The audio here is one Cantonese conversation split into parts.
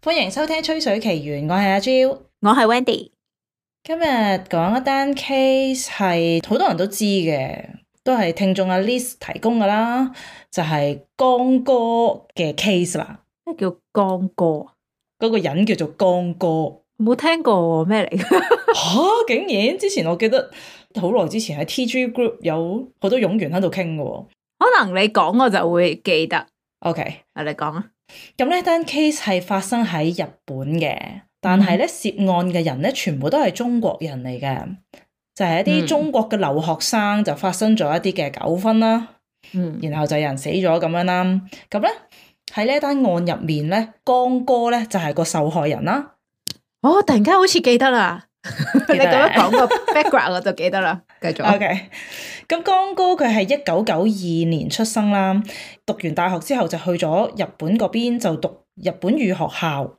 歡迎收聽《吹水奇懸》，我係阿蕉，我係 Wendy。今日講一單 case 係好多人都知嘅，都係聽眾阿 Liz 提供㗎啦，就係、是、江歌嘅 case 啦。咩叫江歌啊？嗰個人叫做江歌。冇聽過咩嚟？吓、 啊、竟然之前我記得好耐之前喺 T G Group 有好多傭員喺度傾嘅，可能你講我就會記得。OK，我你講啊。咁呢一單 case 係發生喺日本嘅，但係咧、嗯、涉案嘅人咧全部都係中國人嚟嘅，就係、是、一啲中國嘅留學生就發生咗一啲嘅糾紛啦。嗯，然後就有人死咗咁樣啦。咁咧喺呢一單案入面咧，江歌咧就係、是、個受害人啦。哦，突然間好似記得啦，得 你咁樣講個 background 我就記得啦。繼續。OK，咁江哥佢係一九九二年出生啦，讀完大學之後就去咗日本嗰邊就讀日本語學校，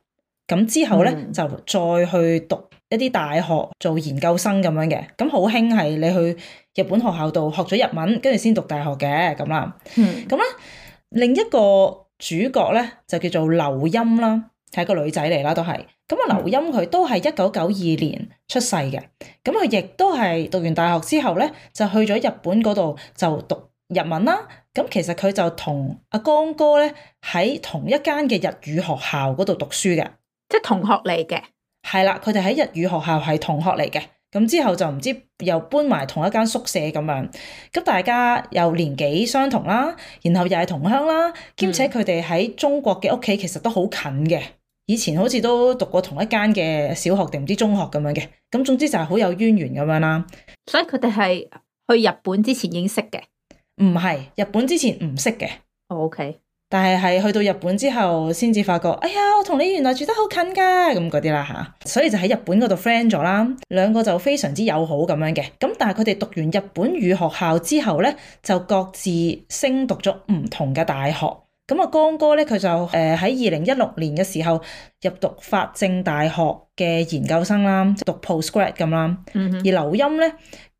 咁之後咧、嗯、就再去讀一啲大學做研究生咁樣嘅。咁好興係你去日本學校度學咗日文，跟住先讀大學嘅咁啦。咁咧、嗯、另一個主角咧就叫做劉鑫啦，係一個女仔嚟啦，都係。咁啊，劉鑫佢都係一九九二年出世嘅，咁佢亦都係讀完大學之後咧，就去咗日本嗰度就讀日文啦。咁其實佢就同阿江哥咧喺同一間嘅日語學校嗰度讀書嘅，即係同學嚟嘅。係啦，佢哋喺日語學校係同學嚟嘅，咁之後就唔知又搬埋同一間宿舍咁樣，咁大家又年紀相同啦，然後又係同鄉啦，兼且佢哋喺中國嘅屋企其實都好近嘅，以前好似都讀過同一間嘅小學定唔知中學咁樣嘅，咁總之就係好有淵源咁樣啦。所以佢哋係去日本之前已經識嘅，唔係日本之前唔識嘅。Oh, OK，但係係去到日本之後先至發覺，哎呀，我同你原來住得好近噶，咁嗰啲啦吓，所以就喺日本嗰度 friend 咗啦，兩個就非常之友好咁樣嘅。咁但係佢哋讀完日本語學校之後咧，就各自升讀咗唔同嘅大學。咁啊，江歌咧佢就誒喺二零一六年嘅時候入讀法政大學嘅研究生啦，讀 postgrad 咁啦。嗯、哼而劉鑫咧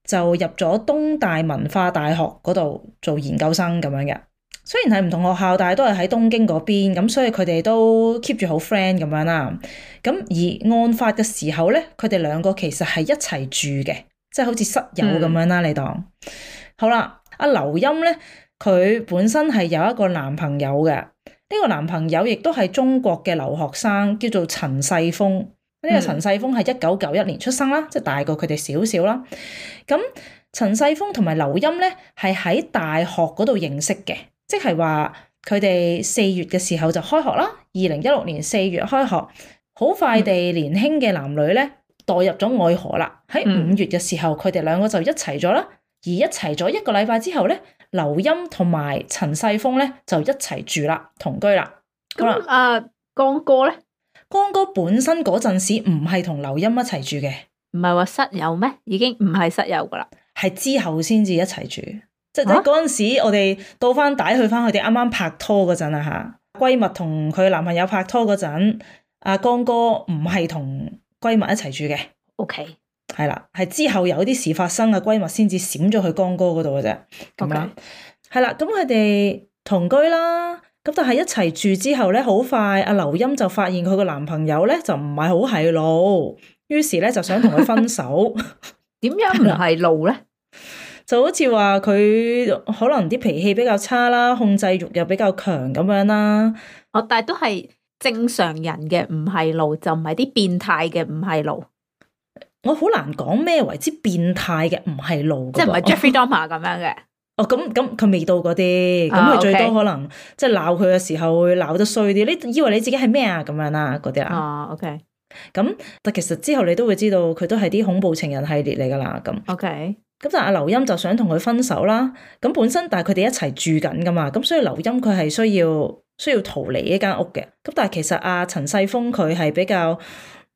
就入咗東大文化大學嗰度做研究生咁樣嘅。雖然係唔同學校，但係都係喺東京嗰邊，咁所以佢哋都 keep 住好 friend 咁樣啦。咁而案發嘅時候咧，佢哋兩個其實係一齊住嘅，即、就、係、是、好似室友咁樣啦、啊。嗯、你當好啦，阿劉鑫咧，佢本身係有一個男朋友嘅，呢、這個男朋友亦都係中國嘅留學生，叫做陳世峰。呢、嗯、個陳世峰係一九九一年出生啦，即係大過佢哋少少啦。咁陳世峰同埋劉鑫咧，係喺大學嗰度認識嘅，即係話佢哋四月嘅時候就開學啦，二零一六年四月開學，好快地年輕嘅男女咧，墮入咗愛河啦。喺五月嘅時候，佢哋兩個就一齊咗啦，而一齊咗一個禮拜之後咧。劉音同埋陳世峰咧就一齊住啦，同居啦。咁啊、呃，江哥咧，江哥本身嗰陣時唔係同劉鑫一齊住嘅，唔係話室友咩？已經唔係室友噶啦，係之後先至一齊住。即係嗰陣時，我哋倒翻帶去翻佢哋啱啱拍拖嗰陣啊吓，閨蜜同佢男朋友拍拖嗰陣，阿江哥唔係同閨蜜一齊住嘅。OK。係啦，係之後有啲事發生啊，閨蜜先至閃咗去江歌嗰度嘅啫，咁樣係啦。咁佢哋同居啦，咁但係一齊住之後咧，好快阿劉鑫就發現佢個男朋友咧就唔係好係路，於是咧就想同佢分手。點樣唔係路咧？就好似話佢可能啲脾氣比較差啦，控制欲又比較強咁樣啦。哦，但係都係正常人嘅唔係路，就唔係啲變態嘅唔係路。我好難講咩為之變態嘅，唔係路即係唔係 Jeffrey Dahmer 咁樣嘅。哦，oh，咁咁佢未到嗰啲，咁佢最多可能、oh, okay. 即係鬧佢嘅時候會鬧得衰啲。你以為你自己係咩啊？咁樣啦，嗰啲啦。哦，OK。咁但其實之後你都會知道佢都係啲恐怖情人系列嚟噶啦。咁 OK。咁但阿劉鑫就想同佢分手啦。咁本身但係佢哋一齊住緊噶嘛。咁所以劉鑫佢係需要需要逃離呢間屋嘅。咁但係其實阿陳世峰佢係比較，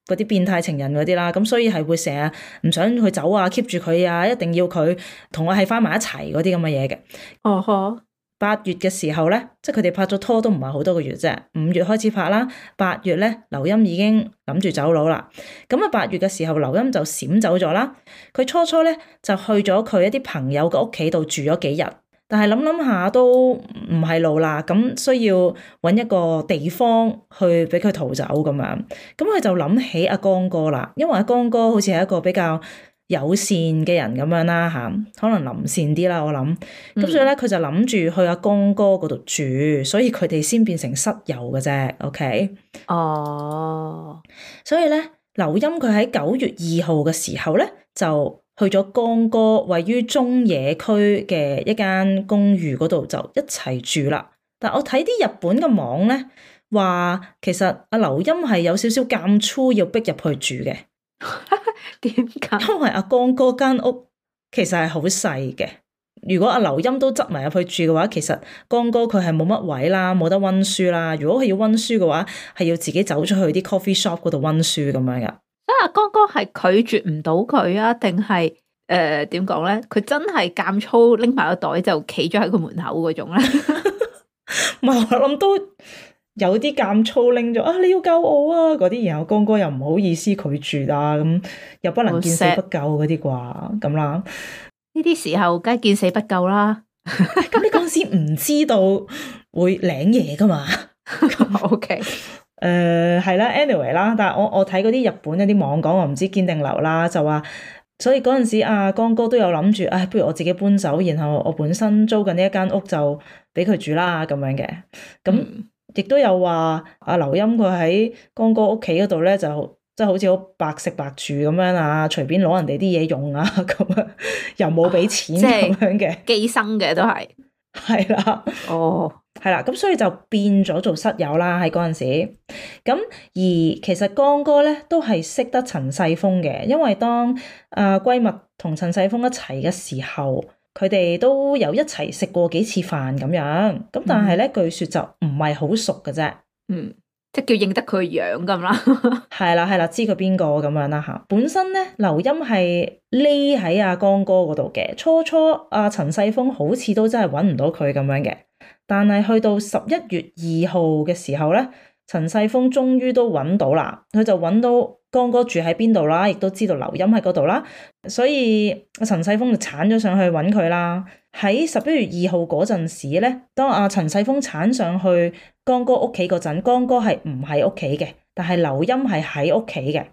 嗰啲變態情人嗰啲啦，咁所以係會成日唔想佢走啊，keep 住佢啊，一定要佢同我係翻埋一齊嗰啲咁嘅嘢嘅。哦呵，uh huh，八月嘅時候咧，即係佢哋拍咗拖都唔係好多個月啫，五月開始拍啦，八月咧，劉鑫已經諗住走佬啦。咁啊，八月嘅時候，劉鑫就閃走咗啦。佢初初咧就去咗佢一啲朋友嘅屋企度住咗幾日。但係諗諗下都唔係路啦，咁需要揾一個地方去俾佢逃走咁樣，咁佢就諗起阿江歌啦，因為阿江歌好似係一個比較友善嘅人咁樣啦，吓可能臨善啲啦，我諗，咁所以咧佢就諗住去阿江歌嗰度住，所以佢哋先變成室友嘅啫，OK？哦，所以咧劉鑫佢喺九月二號嘅時候咧就。去咗江歌位於中野區嘅一間公寓嗰度就一齊住啦。但我睇啲日本嘅網咧，話其實阿劉鑫係有少少咁粗要逼去、啊、入去住嘅。點解？因為阿江歌間屋其實係好細嘅。如果阿劉鑫都執埋入去住嘅話，其實江歌佢係冇乜位啦，冇得温書啦。如果佢要温書嘅話，係要自己走出去啲 coffee shop 嗰度温書咁樣噶。啊！江哥係拒絕唔、呃、到佢啊，定係誒點講咧？佢真係監粗拎埋個袋就企咗喺佢門口嗰種咧。 我諗都有啲監粗拎咗啊！你要救我啊！嗰啲然後江哥又唔好意思拒絕啊，咁、嗯、又不能見死不救嗰啲啩？咁啦，呢啲時候梗係見死不救啦。咁你陣時唔知道會領嘢噶嘛？O K。誒係啦，anyway 啦，但係我我睇嗰啲日本一啲網講，我唔知堅定流啦，就話，所以嗰陣時阿、啊、江歌都有諗住，唉、哎，不如我自己搬走，然後我本身租緊呢一間屋就俾佢住啦咁樣嘅。咁亦都有話阿、啊、劉鑫佢喺江歌屋企嗰度咧，就即係好似好白食白住咁樣啊，隨便攞人哋啲嘢用啊，咁樣又冇俾錢咁、啊、樣嘅，寄生嘅都係，係啦，哦。Oh. 係啦，咁所以就變咗做室友啦喺嗰陣時。咁而其實江歌咧都係識得陳世峰嘅，因為當啊、呃、閨蜜同陳世峰一齊嘅時候，佢哋都有一齊食過幾次飯咁樣。咁但係咧，嗯、據說就唔係好熟嘅啫。嗯，即係叫認得佢樣咁啦。係啦係啦，知佢邊個咁樣啦嚇。本身咧，劉鑫係匿喺阿江歌嗰度嘅。初初阿、啊、陳世峰好似都真係揾唔到佢咁樣嘅。但係去到十一月二號嘅時候咧，陳世峰終於都揾到啦，佢就揾到江歌住喺邊度啦，亦都知道劉鑫喺嗰度啦，所以阿陳世峰就鏟咗上去揾佢啦。喺十一月二號嗰陣時咧，當阿陳世峰鏟上去江歌屋企嗰陣，江歌係唔喺屋企嘅，但係劉鑫係喺屋企嘅。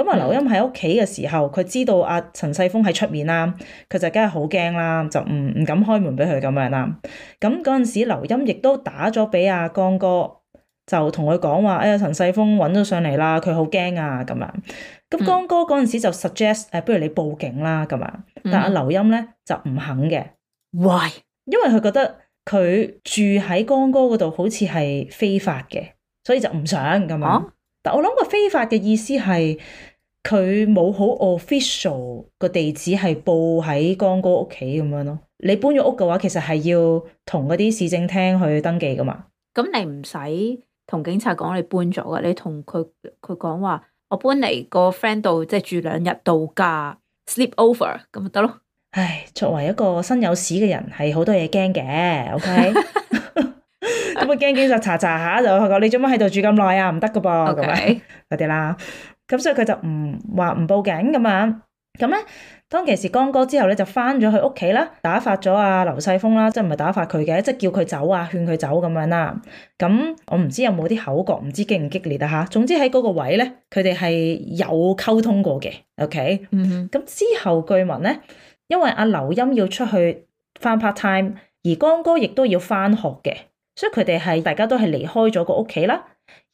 咁啊！嗯、劉鑫喺屋企嘅時候，佢知道阿陳世峰喺出面啦，佢就梗係好驚啦，就唔唔敢開門俾佢咁樣啦。咁嗰陣時，劉鑫亦都打咗俾阿江歌，就同佢講話，哎、呀，陳世峰揾咗上嚟啦，佢好驚啊！咁樣。咁江歌嗰陣時就 suggest 誒、嗯啊，不如你報警啦咁樣。但阿劉鑫咧就唔肯嘅。w、嗯、因為佢覺得佢住喺江歌嗰度好似係非法嘅，所以就唔想咁樣。啊、但我諗個非法嘅意思係。佢冇好 official 個地址係報喺江哥屋企咁樣咯。你搬咗屋嘅話，其實係要同嗰啲市政廳去登記噶嘛。咁、嗯、你唔使同警察講你搬咗嘅，你同佢佢講話，我搬嚟個 friend 度，即係住兩日度假 sleepover 咁咪得咯。唉，作為一個身有屎嘅人，係好多嘢驚嘅。OK 咁啊驚警察查查下就佢講，你做乜喺度住咁耐啊？唔得噶噃咁咪，快啲 Okay. 啦。咁所以佢就唔話唔報警咁樣。咁咧，當其時江歌之後咧就翻咗去屋企啦，打發咗阿劉世峰啦，即係唔係打發佢嘅，即係叫佢走啊，勸佢走咁樣啦。咁我唔知有冇啲口角，唔知激唔激烈啊嚇。總之喺嗰個位咧，佢哋係有溝通過嘅。OK，嗯哼。咁之後據聞咧，因為阿劉鑫要出去翻 part time，而江歌亦都要翻學嘅，所以佢哋係大家都係離開咗個屋企啦。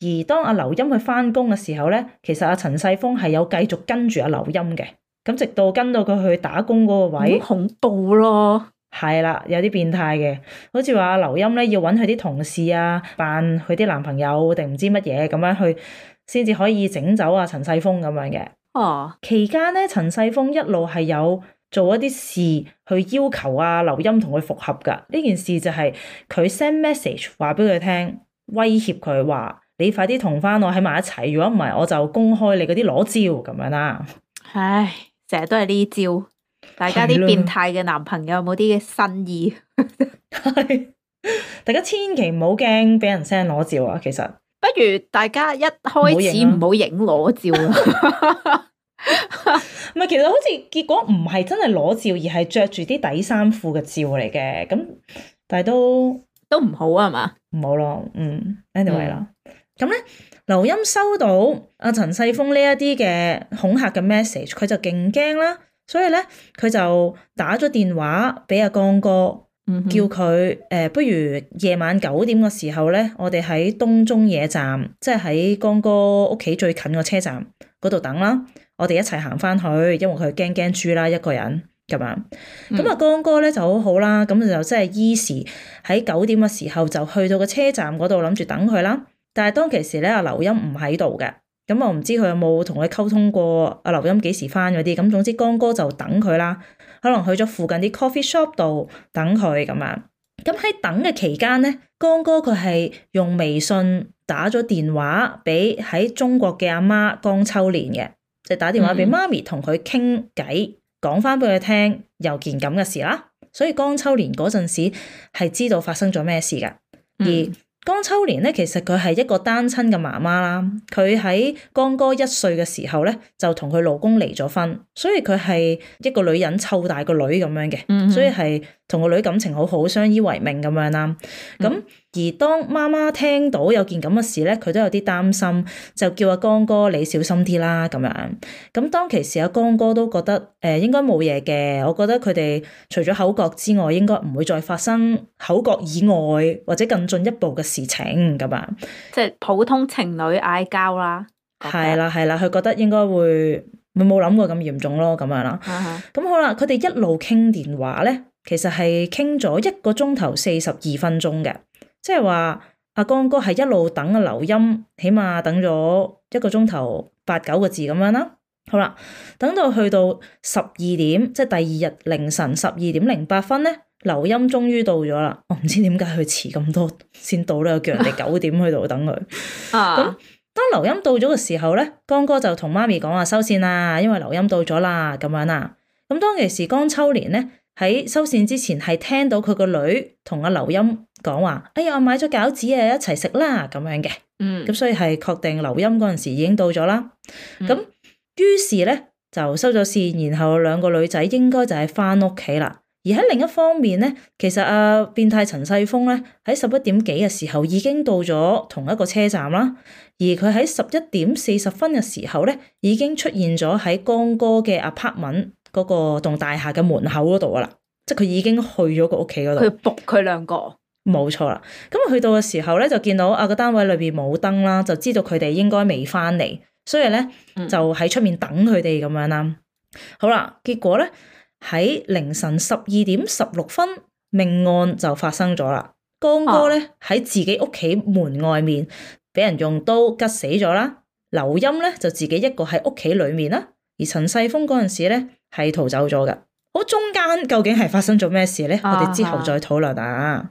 而當阿劉鑫去翻工嘅時候咧，其實阿陳世峰係有繼續跟住阿劉鑫嘅，咁直到跟到佢去打工嗰個位，好恐怖咯，係啦，有啲變態嘅，好似話阿劉鑫咧要揾佢啲同事啊扮佢啲男朋友定唔知乜嘢咁樣去，先至可以整走阿陳世峰咁樣嘅。哦、啊，期間咧陳世峰一路係有做一啲事去要求阿劉鑫同佢復合噶，呢件事就係佢 send message 話俾佢聽，威脅佢話。你快啲同翻我喺埋一齊，如果唔係，我就公開你嗰啲裸照咁樣啦。唉，成日都係呢招，大家啲變態嘅男朋友冇啲嘅新意？大家千祈唔好驚俾人 send 裸照啊！其實不如大家一開始唔好影裸照啊。唔係， 其實好似結果唔係真係裸照，而係着住啲底衫褲嘅照嚟嘅。咁但係都都唔好啊嘛，唔好咯，嗯，Anyway 啦，嗯。咁咧，劉鑫收到阿陳世峰呢一啲嘅恐嚇嘅 message，佢就勁驚啦，所以咧佢就打咗電話俾阿江哥，嗯、哼叫佢誒、呃，不如夜晚九點嘅時候咧，我哋喺東中野站，即係喺江哥屋企最近個車站嗰度等啦。我哋一齊行翻去，因為佢驚驚豬啦，一個人咁、嗯、樣。咁啊，江哥咧就好好啦，咁就即係依時喺九點嘅時候就去到個車站嗰度諗住等佢啦。但係當其時咧，阿劉鑫唔喺度嘅，咁我唔知佢有冇同佢溝通過音。阿劉鑫幾時翻嗰啲？咁總之，江哥就等佢啦，可能去咗附近啲 coffee shop 度等佢咁啊。咁喺等嘅期間咧，江哥佢係用微信打咗電話俾喺中國嘅阿媽江秋蓮嘅，即係打電話俾媽咪同佢傾偈，講翻俾佢聽有件咁嘅事啦。所以江秋蓮嗰陣時係知道發生咗咩事噶，而江秋蓮咧，其實佢係一個單親嘅媽媽啦。佢喺江歌一歲嘅時候咧，就同佢老公離咗婚，所以佢係一個女人湊大個女咁樣嘅，所以係同個女感情好好，相依為命咁樣啦。咁而當媽媽聽到有件咁嘅事咧，佢都有啲擔心，就叫阿江哥你小心啲啦咁樣。咁當其時，阿江哥都覺得誒、呃、應該冇嘢嘅。我覺得佢哋除咗口角之外，應該唔會再發生口角以外或者更進一步嘅事情咁啊樣。即係普通情侶嗌交啦。係啦係啦，佢覺得應該會冇冇諗過咁嚴重咯，咁樣啦。咁、uh huh. 好啦，佢哋一路傾電話咧，其實係傾咗一個鐘頭四十二分鐘嘅。即係話阿江歌係一路等阿、啊、劉鑫，起碼等咗一個鐘頭八九個字咁樣啦。好啦，等到去到十二點，即係第二日凌晨十二點零八分咧，劉鑫終於到咗啦。我唔知點解佢遲咁多先到咧，我叫人哋九點去度等佢。啊，咁當劉鑫到咗嘅時候咧，江歌就同媽咪講話收線啦，因為劉鑫到咗啦，咁樣啦。咁當其時江秋蓮咧，喺收線之前係聽到佢個女同阿劉鑫。講話哎呀，買咗餃子啊，一齊食啦咁樣嘅。嗯，咁所以係確定，劉鑫嗰陣時已經到咗啦。咁、嗯、於是咧就收咗線，然後兩個女仔應該就係返屋企啦。而喺另一方面咧，其實阿、啊、變態陳世峰咧喺十一點幾嘅時候已經到咗同一個車站啦。而佢喺十一點四十分嘅時候咧已經出現咗喺江歌嘅阿 partment 嗰個棟大廈嘅門口嗰度啊啦，即係佢已經去咗個屋企嗰度。佢仆佢兩個。冇錯啦，咁啊去到嘅時候咧，就見到啊個單位裏邊冇燈啦，就知道佢哋應該未翻嚟，所以咧就喺出面等佢哋咁樣啦。好啦，結果咧喺凌晨十二點十六分，命案就發生咗啦。江歌咧喺自己屋企門外面俾、啊、人用刀吉死咗啦，劉鑫咧就自己一個喺屋企裡面啦，而陳世峰嗰陣時咧係逃走咗嘅。嗰中間究竟係發生咗咩事咧？我哋之後再討論啊！啊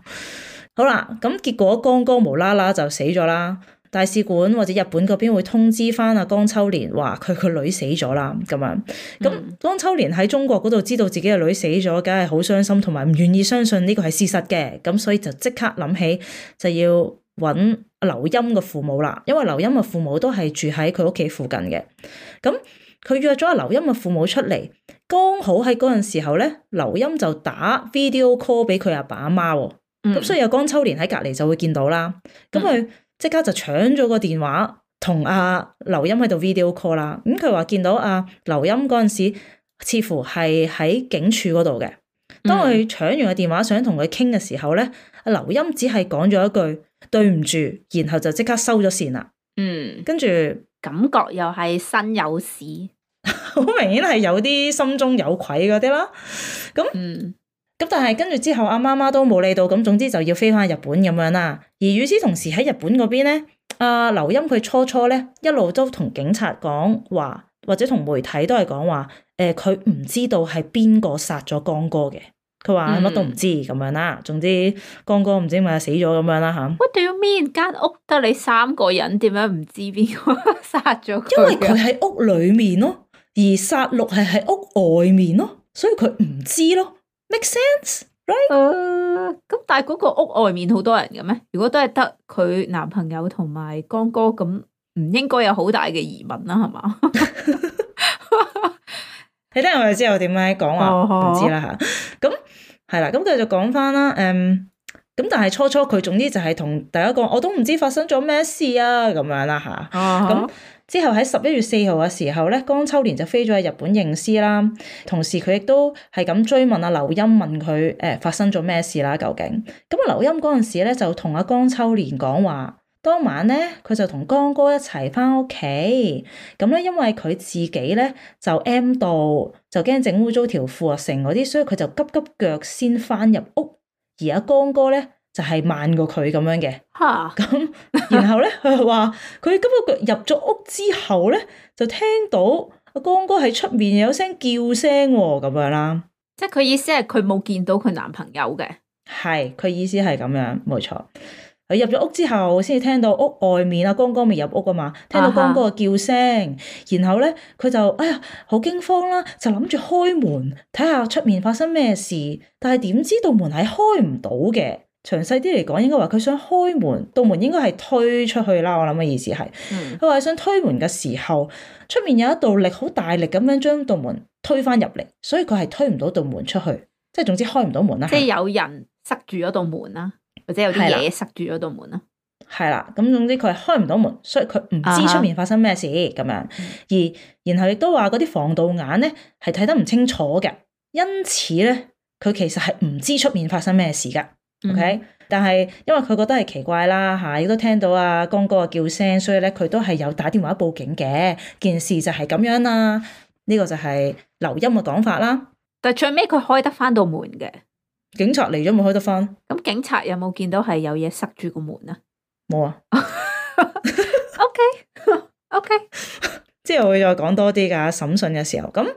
好啦，咁結果江歌無啦啦就死咗啦。大使館或者日本嗰邊會通知翻阿江秋蓮，話佢個女死咗啦咁樣。咁江秋蓮喺中國嗰度知道自己嘅女死咗，梗係好傷心，同埋唔願意相信呢個係事實嘅。咁所以就即刻諗起就要揾劉鑫嘅父母啦，因為劉鑫嘅父母都係住喺佢屋企附近嘅。咁佢約咗阿劉鑫嘅父母出嚟。剛好喺嗰陣時候咧，劉鑫就打 video call 俾佢阿爸阿媽，咁、嗯、所以有江秋蓮喺隔籬就會見到啦。咁佢即刻就搶咗個電話，同阿劉鑫喺度 video call 啦。咁佢話見到阿劉鑫嗰陣時，似乎係喺警署嗰度嘅。當佢搶完個電話，想同佢傾嘅時候咧，阿劉、嗯、鑫只係講咗一句對唔住，然後就即刻收咗線啦。嗯，跟住著感覺又係身有屎。好 明顯係有啲心中有愧嗰啲啦，咁咁、嗯、但係跟住之後，阿媽媽都冇理到，咁總之就要飛翻日本咁樣啦。而與此同時喺日本嗰邊咧，阿、啊、劉鑫佢初初咧一路都同警察講話，或者同媒體都係講話，誒佢唔知道係邊個殺咗江哥嘅，佢話乜都唔知咁樣啦。嗯、總之江哥唔知咪死咗咁樣啦嚇。What do you mean？間屋得你三個人，點樣唔知邊個殺咗？因為佢喺屋裏面咯。而殺戮係喺屋外面咯，所以佢唔知咯，make sense, right? uh, 咁但係嗰個屋外面好多人嘅咩？如果都係得佢男朋友同埋江哥咁，唔應該有好大嘅疑問啦，係嘛？你聽我哋之後、啊 uh huh. 道點解講話唔知啦吓。咁係啦，咁繼續講翻啦，嗯，咁、嗯、但係初初佢總之就係同大家講，我都唔知發生咗咩事啊，咁樣啦吓，咁、uh。Huh. 嗯之後喺十一月四號嘅時候咧，江秋蓮就飛咗去日本認屍啦。同時佢亦都係咁追問阿劉鑫問佢誒，發生咗咩事啦？究竟咁阿劉鑫嗰陣時咧就同阿江秋蓮講話當晚咧佢就同江歌一齊翻屋企。咁咧因為佢自己咧就 M 到就驚整污糟條褲啊成嗰啲，所以佢就急急腳先翻入屋。而阿江歌咧。就係慢過佢咁樣嘅，咁哈然後咧佢話佢今日入咗屋之後咧，就聽到阿江哥喺出面有聲叫聲喎、哦，咁樣啦，即係佢意思係佢冇見到佢男朋友嘅，係佢意思係咁樣冇錯。佢入咗屋之後先至聽到屋外面啊，江哥未入屋啊嘛，聽到江哥嘅叫聲，啊、哈然後咧佢就哎呀好驚慌啦，就諗住開門睇下出面發生咩事，但係點知道門係開唔到嘅。詳細啲嚟講，應該話佢想開門，道門應該係推出去啦。我諗嘅意思係，佢話、嗯、想推門嘅時候，出面有一道力，好大力咁樣將道門推返入嚟，所以佢係推唔到道門出去，即係總之開唔到門啦。即係有人塞住咗道門啦、啊，或者有啲嘢塞住咗道門啦、啊。係啦，咁總之佢係開唔到門，所以佢唔知出面發生咩事咁、啊、樣。而然後亦都話嗰啲防盜眼咧係睇得唔清楚嘅，因此咧佢其實係唔知出面發生咩事㗎。OK，但係因為佢覺得係奇怪啦吓，亦都聽到阿、啊、江哥嘅叫聲，所以咧佢都係有打電話報警嘅。件事就係咁樣啦，呢、這個就係劉鑫嘅講法啦。但係最尾佢開得翻到門嘅，警察嚟咗冇開得翻？咁警察有冇見到係有嘢塞住個門啊？冇啊。OK，OK，之後會再講多啲噶審訊嘅時候。咁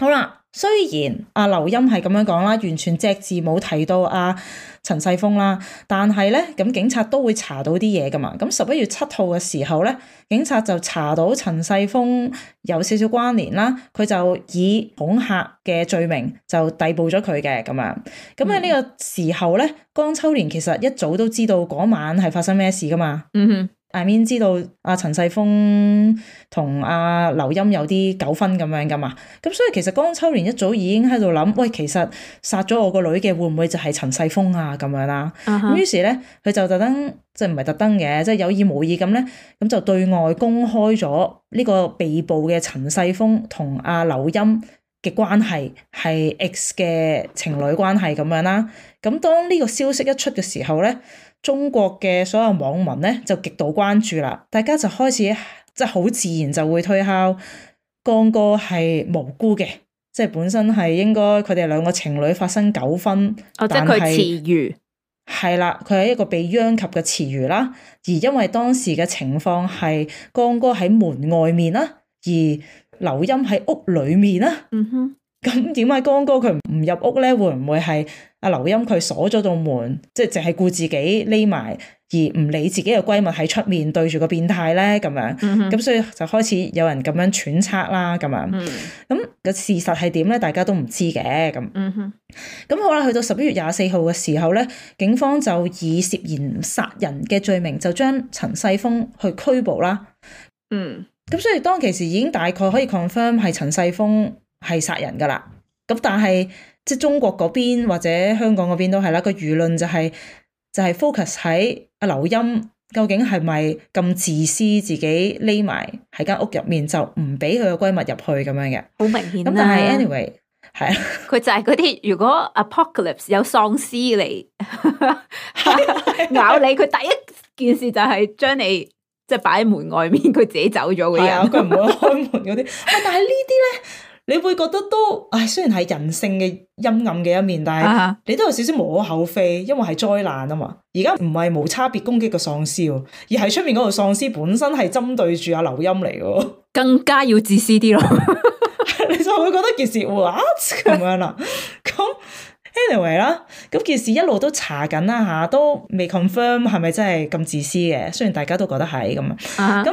好啦。雖然阿劉鑫係咁樣講啦，完全隻字冇提到阿、啊、陳世峰啦，但係咧咁警察都會查到啲嘢噶嘛。咁十一月七號嘅時候咧，警察就查到陳世峰有少少關聯啦，佢就以恐嚇嘅罪名就逮捕咗佢嘅咁樣。咁喺呢個時候咧，江秋蓮其實一早都知道嗰晚係發生咩事噶嘛。嗯哼。嗯 I mean 知道阿陳世峰同阿劉鑫有啲糾紛咁樣噶嘛？咁所以其實江秋蓮一早已經喺度諗，喂，其實殺咗我個女嘅會唔會就係陳世峰啊？咁樣啦。咁、uh huh. 於是咧，佢就特登，即係唔係特登嘅，即係有意無意咁咧，咁就對外公開咗呢個被捕嘅陳世峰同阿劉鑫嘅關係係 X 嘅情侶關係咁樣啦。咁當呢個消息一出嘅時候咧，中國嘅所有網民咧就極度關注啦，大家就開始即係好自然就會推敲江歌係無辜嘅，即係本身係應該佢哋兩個情侶發生糾紛，哦、但係係啦，佢係一個被殃及嘅池魚啦，而因為當時嘅情況係江歌喺門外面啦，而劉鑫喺屋裏面啦，嗯哼，咁點解江歌佢唔入屋咧？會唔會係？阿劉鑫佢鎖咗道門，即係淨係顧自己匿埋，而唔理自己嘅閨蜜喺出面對住個變態咧咁樣，咁、mm hmm. 所以就開始有人咁樣揣測啦咁樣。咁個、mm hmm. 事實係點咧？大家都唔知嘅咁。咁、mm hmm. 好啦，去到十一月廿四號嘅時候咧，警方就以涉嫌殺人嘅罪名就將陳世峰去拘捕啦。嗯、mm，咁、hmm. 所以當其時已經大概可以 confirm 係陳世峰係殺人㗎啦。咁但係，即係中國嗰邊或者香港嗰邊都係啦，個輿論就係就係 focus 喺阿劉鑫究竟係咪咁自私，自己匿埋喺間屋入面就唔俾佢個閨蜜入去咁樣嘅。好明顯啦。咁但係 anyway 係佢就係嗰啲如果 apocalypse 有喪屍嚟 咬你，佢第一件事就係將你即係擺喺門外面，佢自己走咗嘅人，佢唔會開門嗰啲、 啊。但係呢啲咧。你會覺得都唉，雖然係人性嘅陰暗嘅一面，但係你都有少少無可厚非，因為係災難啊嘛。而家唔係無差別攻擊個喪屍哦，而係出面嗰個喪屍本身係針對住阿劉鑫嚟嘅，更加要自私啲咯。 你就會覺得件事哇咁、 啊、樣啦、啊。咁 anyway 啦，咁件事一路都查緊啦吓，都未 confirm 係咪真係咁自私嘅？雖然大家都覺得係咁啊。咁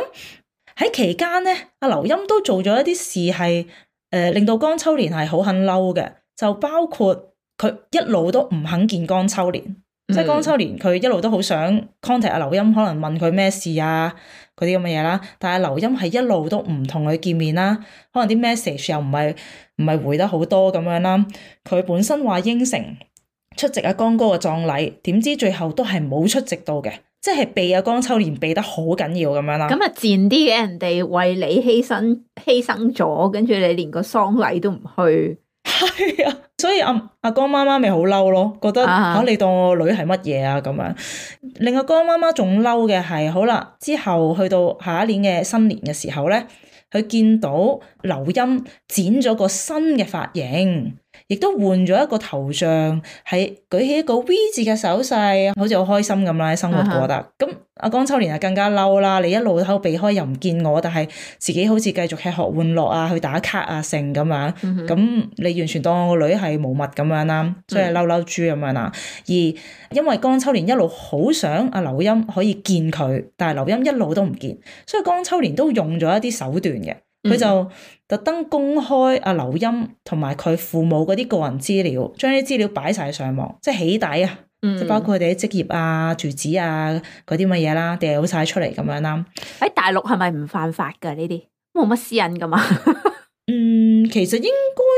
喺、uh huh. 期間咧，阿劉鑫都做咗一啲事係。誒令到江秋蓮係好肯嬲嘅，就包括佢一路都唔肯見江秋蓮，嗯、即係江秋蓮佢一路都好想 contact 阿、啊、劉鑫，可能問佢咩事啊，嗰啲咁嘅嘢啦。但係阿劉鑫係一路都唔同佢見面啦，可能啲 message 又唔係唔係回得好多咁樣啦。佢本身話應承出席阿江哥嘅葬禮，點知最後都係冇出席到嘅。即係避啊！江秋蓮避得好緊要咁樣啦。咁啊賤啲嘅人哋為你犧牲犧牲咗，跟住你連個喪禮都唔去。係 啊，所以阿、啊、阿江媽媽咪好嬲咯，覺得吓、啊、你當我女係乜嘢啊咁樣。另外，江媽媽仲嬲嘅係，好啦，之後去到下一年嘅新年嘅時候咧，佢見到劉鑫剪咗個新嘅髮型。亦都換咗一個頭像，係舉起一個 V 字嘅手勢，好似好開心咁啦，生活過得。咁阿 江秋蓮就更加嬲啦，你一路喺避開，又唔見我，但係自己好似繼續吃喝玩樂啊，去打卡啊，剩咁樣。咁 你完全當我個女係冇物咁樣啦，所以嬲嬲豬咁樣啦。 而因為江秋蓮一路好想阿劉鑫可以見佢，但係劉鑫一路都唔見，所以江秋蓮都用咗一啲手段嘅。佢就特登公開阿劉鑫同埋佢父母嗰啲個人資料，將啲資料擺晒上網，即係起底啊！嗯、即係包括佢哋啲職業啊、住址啊嗰啲乜嘢啦，掟晒出嚟咁樣啦。喺大陸係咪唔犯法噶？呢啲冇乜私隱噶嘛？ 嗯，其實應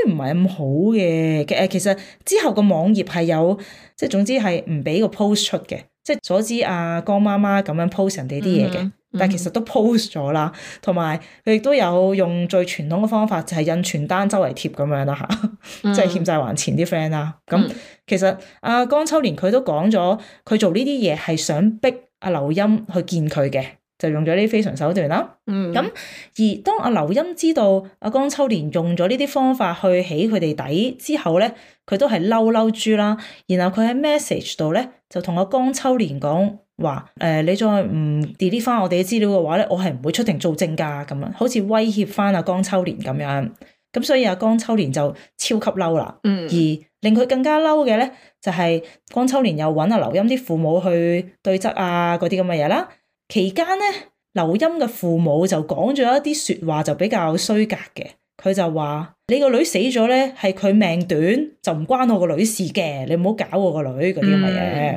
該唔係咁好嘅。誒，其實之後個網頁係有，即係總之係唔俾個 post 出嘅，即係阻止阿、啊、江媽媽咁樣 post 人哋啲嘢嘅。嗯但其實都 post 咗啦，同埋佢亦都有用最傳統嘅方法，就係印傳單周圍貼咁樣啦嚇，即 係欠債還錢啲 friend 啦。咁其實阿江秋蓮佢都講咗，佢做呢啲嘢係想逼阿劉鑫去見佢嘅。就用咗呢非常手段啦。咁、mm hmm. 而當阿劉鑫知道阿江秋蓮用咗呢啲方法去起佢哋底之後咧，佢都係嬲嬲豬啦。然後佢喺 message 度咧就同阿江秋蓮講話：誒、呃，你再唔 delete 翻我哋嘅資料嘅話咧，我係唔會出庭做證噶。咁樣好似威脅翻阿江秋蓮咁樣。咁所以阿江秋蓮就超級嬲啦。Mm hmm. 而令佢更加嬲嘅咧，就係江秋蓮又揾阿劉鑫啲父母去對質啊，嗰啲咁嘅嘢啦。期間咧，劉鑫嘅父母就講咗一啲說話就比較衰格嘅，佢就話：你個女死咗咧，係佢命短，就唔關我個女事嘅，你唔好搞我個女嗰啲咁嘅嘢，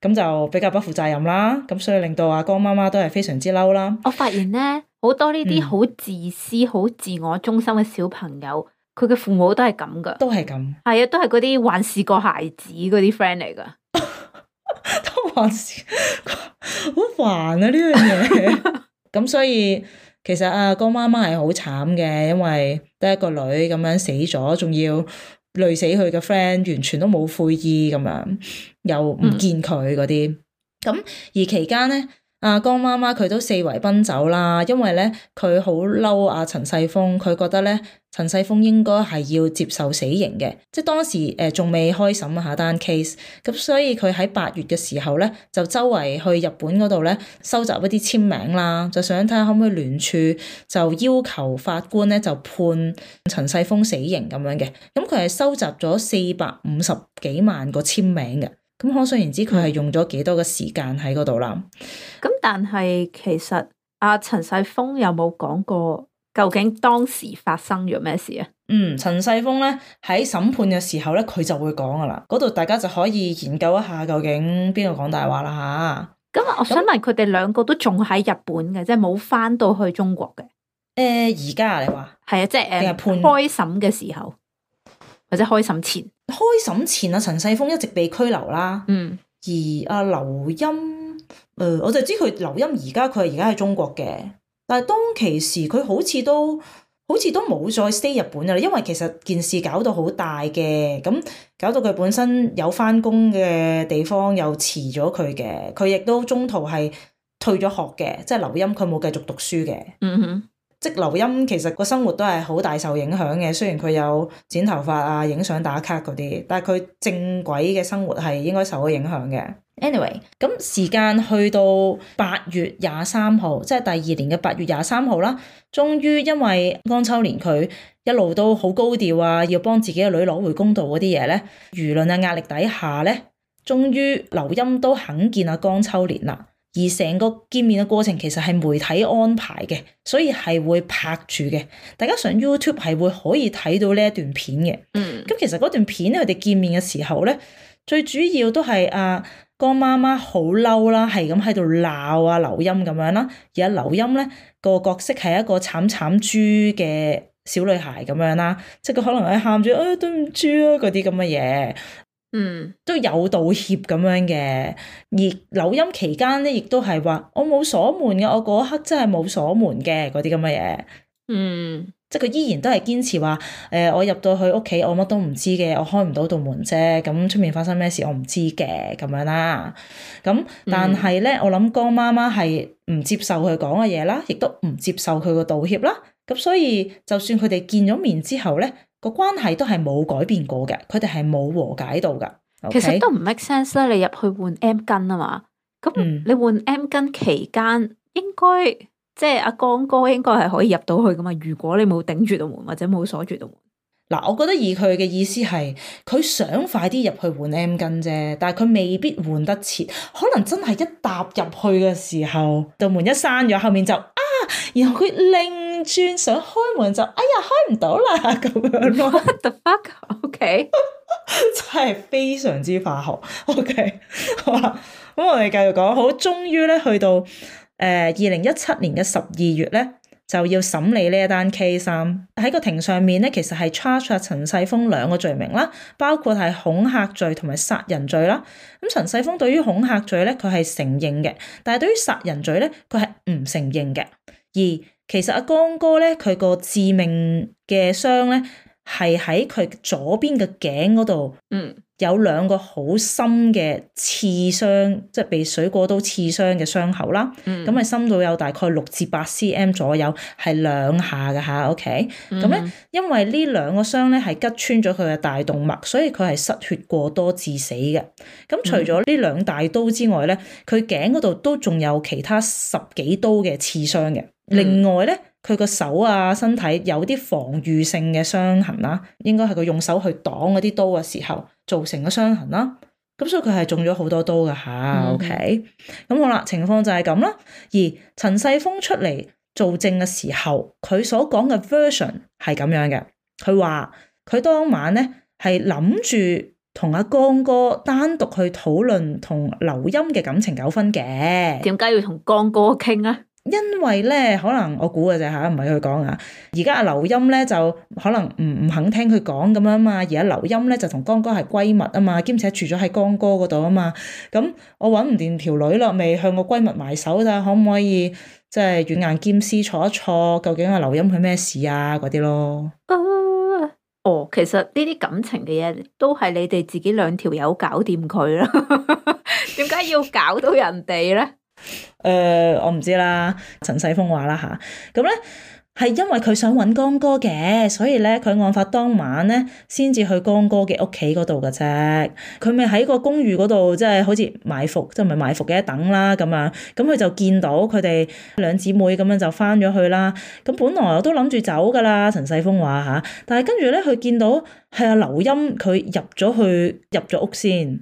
咁、嗯、就比較不負責任啦。咁所以令到阿江媽媽都係非常之嬲啦。我發現咧，好多呢啲好自私、好、嗯、自我中心嘅小朋友，佢嘅父母都係咁噶，都係咁，係啊，都係嗰啲萬事個孩子嗰啲 friend 嚟噶。 好煩啊呢樣嘢，咁 所以其實阿江媽媽係好慘嘅，因為得一個女咁樣死咗，仲要累死佢嘅 friend，完全都冇悔意咁樣，又唔見佢嗰啲，咁、嗯、而期間咧。阿江媽媽佢都四圍奔走啦，因為咧佢好嬲阿陳世峰，佢覺得咧陳世峰應該係要接受死刑嘅，即係當時誒仲未開審下單 case，咁所以佢喺八月嘅時候咧就周圍去日本嗰度咧收集一啲簽名啦，就想睇下可唔可以聯署就要求法官咧就判陳世峰死刑咁樣嘅，咁佢係收集咗四百五十幾萬個簽名嘅。咁可想而知，佢係用咗幾多嘅時間喺嗰度啦？咁但係其實阿陳世峰有冇講過究竟當時發生咗咩事啊？嗯，陳世峰咧喺審判嘅時候咧，佢就會講噶啦。嗰度大家就可以研究一下究竟邊個講大話啦吓？咁我想問佢哋兩個都仲喺日本嘅，即係冇翻到去中國嘅。誒，而家你話係啊，即係、呃、判開審嘅時候或者開審前。開審前啊，陳世峰一直被拘留啦。嗯，而阿、啊、劉鑫，誒、呃，我就知佢劉鑫而家佢係而家喺中國嘅。但係當其時佢好似都好似都冇再 stay 日本啊，因為其實件事搞到好大嘅，咁搞到佢本身有返工嘅地方又辭咗佢嘅。佢亦都中途係退咗學嘅，即係劉鑫佢冇繼續讀書嘅。嗯哼。即劉鑫其實個生活都係好大受影響嘅，雖然佢有剪頭髮啊、影相打卡嗰啲，但係佢正軌嘅生活係應該受影響嘅。Anyway，咁時間去到八月廿三號，即係第二年嘅八月廿三號啦，終於因為江秋蓮佢一路都好高調啊，要幫自己嘅女攞回公道嗰啲嘢咧，輿論嘅壓力底下咧，終於劉鑫都肯見阿江秋蓮啦。而成個見面嘅過程其實係媒體安排嘅，所以係會拍住嘅。大家上 YouTube 係會可以睇到呢一段片嘅。嗯，咁其實嗰段片佢哋見面嘅時候咧，最主要都係阿江媽媽好嬲啦，係咁喺度鬧啊劉、啊、鑫咁樣啦。而家劉鑫咧個角色係一個慘慘豬嘅小女孩咁樣啦，即係佢可能喺喊住誒對唔住啊嗰啲咁嘅嘢。嗯，都有道歉咁樣嘅，而錄音期間咧，亦都係話我冇鎖門嘅，我嗰一刻真係冇鎖門嘅嗰啲咁嘅嘢。嗯， 即係佢依然都係堅持話，誒、呃，我入到去屋企，我乜都唔知嘅，我開唔到道門啫。咁出面發生咩事我， 我唔知嘅咁樣啦。咁但係咧，我諗江媽媽係唔接受佢講嘅嘢啦，亦都唔接受佢個道歉啦。咁所以，就算佢哋見咗面之後咧。個關係都係冇改變過嘅，佢哋係冇和解到噶。Okay? 其實都唔 make sense 啦，你入去換 M 根啊嘛，咁你換 M 根期間，嗯、應該即係阿江哥應該係可以入到去噶嘛，如果你冇頂住道門或者冇鎖住道門。嗱，我覺得以佢嘅意思係，佢想快啲入去換 M 巾啫，但係佢未必換得切，可能真係一踏入去嘅時候，道門一閂咗，後面就啊，然後佢擰轉想開門就，哎呀，開唔到啦咁樣咯。The fuck？OK，真係非常之化學。OK，好啦，咁我哋繼續講，好，終於咧去到誒二零一七年嘅十二月咧。就要審理呢一單 case 三喺個庭上面咧，其實係 charge 陳世峰兩個罪名啦，包括係恐嚇罪同埋殺人罪啦。咁陳世峰對於恐嚇罪咧，佢係承認嘅，但係對於殺人罪咧，佢係唔承認嘅。而其實阿江哥咧，佢個致命嘅傷咧，係喺佢左邊嘅頸嗰度。嗯。有兩個好深嘅刺傷，即係被水果刀刺傷嘅傷口啦。咁啊、嗯、深度有大概六至八 cm 左右，係兩下嘅。吓 OK，咁咧、嗯哼，因為呢兩個傷咧係拮穿咗佢嘅大動脈，所以佢係失血過多致死嘅。咁除咗呢兩大刀之外咧，佢頸嗰度都仲有其他十幾刀嘅刺傷嘅。另外咧。嗯佢個手啊，身體有啲防禦性嘅傷痕啦、啊，應該係佢用手去擋嗰啲刀嘅時候造成嘅傷痕啦。咁所以佢係中咗好多刀㗎。吓，OK 咁好啦，情況就係咁啦。而陳世峰出嚟做證嘅時候，佢、啊、所講嘅、嗯 okay? version 係咁樣嘅。佢話佢當晚咧係諗住同阿江哥單獨去討論同劉鑫嘅感情糾紛嘅。點解要同江哥傾啊？因為咧，可能我估嘅啫吓，唔係佢講啊。而家阿劉鑫咧就可能唔唔肯聽佢講咁樣嘛。而家劉鑫咧就同江歌係閨蜜啊嘛，兼且住咗喺江歌嗰度啊嘛。咁、嗯、我搵唔掂條女咯，咪向個閨蜜埋手咋？可唔可以即係軟硬兼施坐一坐？究竟阿劉鑫佢咩事啊？嗰啲咯。Uh, 哦，其實呢啲感情嘅嘢都係你哋自己兩條友搞掂佢啦。點 解要搞到人哋咧？ 誒、呃，我唔知啦。陳世峰話啦吓，咁咧係因為佢想揾江哥嘅，所以咧佢案發當晚咧先至去江哥嘅屋企嗰度嘅啫。佢咪喺個公寓嗰度，即係好似埋伏，即係咪埋伏嘅一等啦咁樣。咁佢就見到佢哋兩姊妹咁樣就翻咗去啦。咁本來我都諗住走噶啦，陳世峰話吓，但係跟住咧佢見到係阿劉鑫佢入咗去入咗屋先，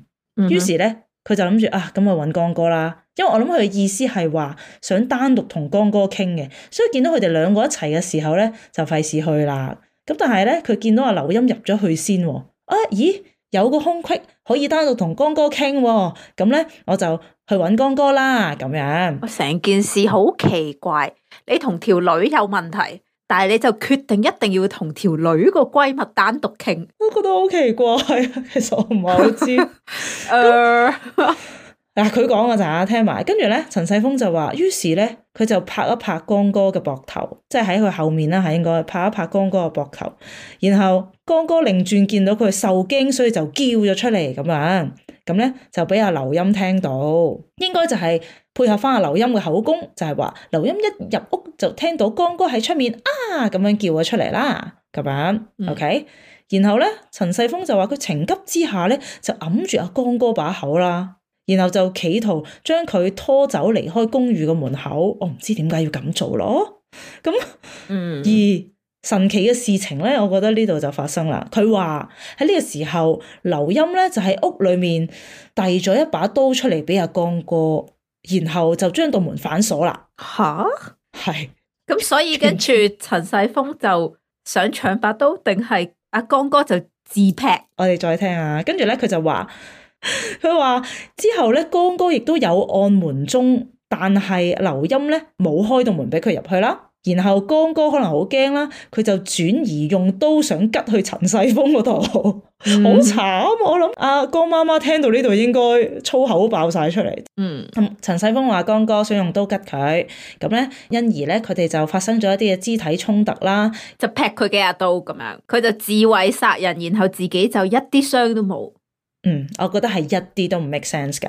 於是咧。嗯佢就諗住啊，咁咪搵江歌啦，因為我諗佢嘅意思係話想單獨同江歌傾嘅，所以見到佢哋兩個一齊嘅時候咧，就費事去啦。咁但係咧，佢見到阿劉鑫入咗去先，啊咦，有個空隙可以單獨同江歌傾，咁、啊、咧我就去搵江歌啦，咁樣。成件事好奇怪，你同條女有問題。但係你就決定一定要同條女個閨蜜單獨傾，我覺得好奇怪啊！其實我唔係好知。誒，嗱，佢講嘅咋聽埋，跟住咧陳世峰就話，於是咧佢就拍一拍江歌嘅膊頭，即係喺佢後面啦，係應該拍一拍江歌嘅膊頭，然後江歌擰轉見到佢受驚，所以就叫咗出嚟咁樣，咁咧就俾阿劉鑫聽到，應該就係、是。配合翻阿劉鑫嘅口供，就係話劉鑫一入屋就聽到江歌喺出面啊，咁樣叫佢出嚟啦，咁樣、嗯、OK。然後咧，陳世峰就話佢情急之下咧就揞住阿江歌把口啦，然後就企圖將佢拖走離開公寓嘅門口。我唔知點解要咁做咯。咁、嗯、而神奇嘅事情咧，我覺得呢度就發生啦。佢話喺呢個時候，劉鑫咧就喺屋裏面遞咗一把刀出嚟俾阿江歌。然後就將道門反鎖啦。吓，係咁，所以跟住陳世峰就想搶把刀，定係阿江歌就自劈？ 我哋再聽下。跟住咧，佢就話，佢話之後咧，江歌亦都有按門鐘，但係劉鑫咧，冇開道門俾佢入去啦。然後江歌可能好驚啦，佢就轉移用刀想吉去陳世峰嗰度， mm. 好慘！我諗阿、啊、江媽媽聽到呢度應該粗口爆晒出嚟。嗯，陳世峰話江歌想用刀吉佢，咁咧因而咧佢哋就發生咗一啲嘅肢體衝突啦，就劈佢幾下刀咁樣，佢就自衛殺人，然後自己就一啲傷都冇。嗯，我覺得係一啲都唔 make sense 噶，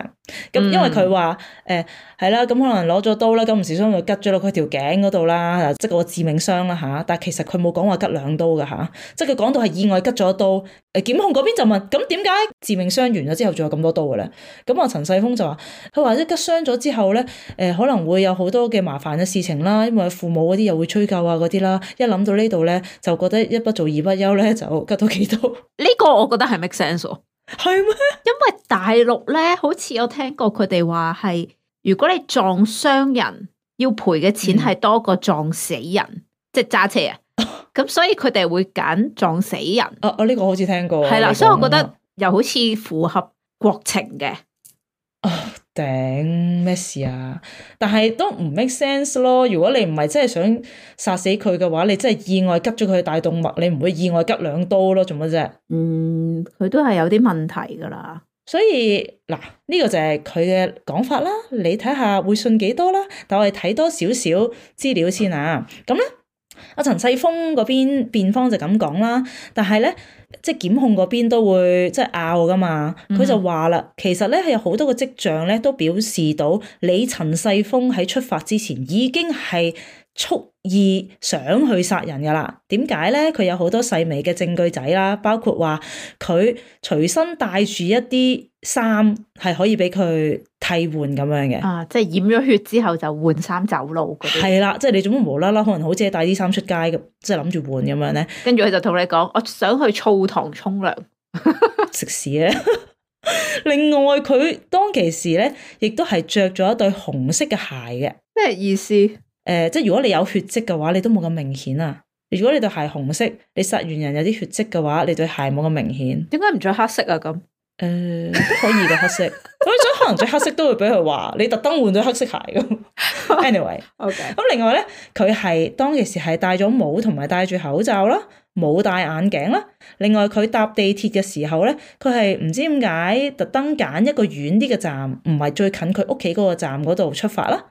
咁因為佢話誒係啦，咁、嗯欸、可能攞咗刀啦，咁唔小心就拮咗落佢條頸嗰度啦，即係個致命傷啦吓。但係其實佢冇講話拮兩刀噶吓、啊，即係佢講到係意外拮咗刀。誒，檢控嗰邊就問，咁點解致命傷完咗之後仲有咁多刀嘅咧？咁、嗯、啊，陳世峰就話，佢話一拮傷咗之後咧，誒、呃、可能會有好多嘅麻煩嘅事情啦，因為父母嗰啲又會催救啊嗰啲啦，一諗到呢度咧，就覺得一不做二不休咧，就拮到幾刀。呢個我覺得係 make sense、哦。係咩？因為大陸咧，好似我聽過佢哋話係，如果你撞傷人，要賠嘅錢係多過撞死人，嗯、即係揸車啊。咁 所以佢哋會揀撞死人。啊，我、啊、呢、呢個好似聽過。係啦，你說 所以我覺得又好似符合國情嘅。嗯。頂咩事啊？但係都唔 make sense 咯。如果你唔係真係想殺死佢嘅話，你真係意外拮咗佢大動脈，你唔會意外拮兩刀咯，做乜啫？嗯，佢都係有啲問題噶啦。所以嗱，呢、這個就係佢嘅講法啦。你睇下會信幾多啦？但我哋睇多少少資料先啊。咁、嗯、咧，阿陳世峰嗰邊辯方就咁講啦。但係咧。即係檢控嗰邊都會即係拗㗎嘛，佢、嗯、哼就話啦，其實咧係有好多個跡象咧，都表示到你陳世峰喺出發之前已經係速。而想去殺人噶啦？點解咧？佢有好多細微嘅證據仔啦，包括話佢隨身帶住一啲衫，係可以俾佢替換咁樣嘅。啊，即係染咗血之後就換衫走路。係啦，即係你做乜無啦啦，可能好似帶啲衫出街咁，即係諗住換咁樣咧。嗯、跟住佢就同你講，我想去澡堂沖涼，食 屎啊！ 另外，佢當其時咧，亦都係着咗一對紅色嘅鞋嘅，咩意思？誒、呃，即係如果你有血跡嘅話，你都冇咁明顯啊！如果你對鞋紅色，你殺完人有啲血跡嘅話，你對鞋冇咁明顯。點解唔着黑色啊？咁誒、呃，都可以嘅黑色。咁所以可能着黑色都會俾佢話，你特登換咗黑色鞋。 Anyway，OK Okay.。咁另外咧，佢係當其時係戴咗帽同埋戴住口罩啦，冇戴眼鏡啦。另外佢搭地鐵嘅時候咧，佢係唔知點解特登揀一個遠啲嘅站，唔係最近佢屋企嗰個站嗰度出發啦。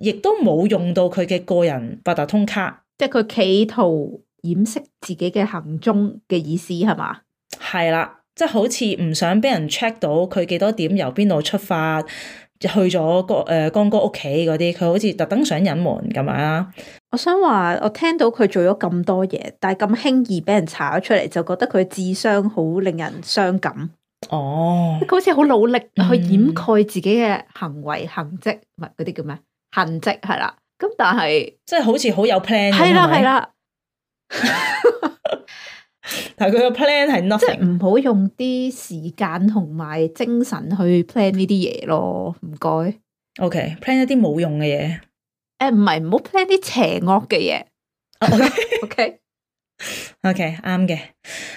亦都冇用到佢嘅個人八達通卡，即係佢企圖掩飾自己嘅行蹤嘅意思係嘛？係啦，即係好似唔想俾人 check 到佢幾多點由邊度出發去咗個誒江歌屋企嗰啲，佢好似特登想隱瞞咁啊！我想話，我聽到佢做咗咁多嘢，但係咁輕易俾人查咗出嚟，就覺得佢智商好令人傷感。哦，佢好似好努力去掩蓋自己嘅行為、嗯、行跡，唔係嗰啲叫咩？痕跡係啦，咁但係即係好似好有 plan 的。係啦係啦， 但係佢個 plan 係 nothing 即係唔好用啲時間同埋精神去 plan 呢啲嘢咯，唔該。OK，plan，okay, 一啲冇用嘅嘢，誒唔係唔好 plan 啲邪惡嘅嘢。 OK OK OK，啱嘅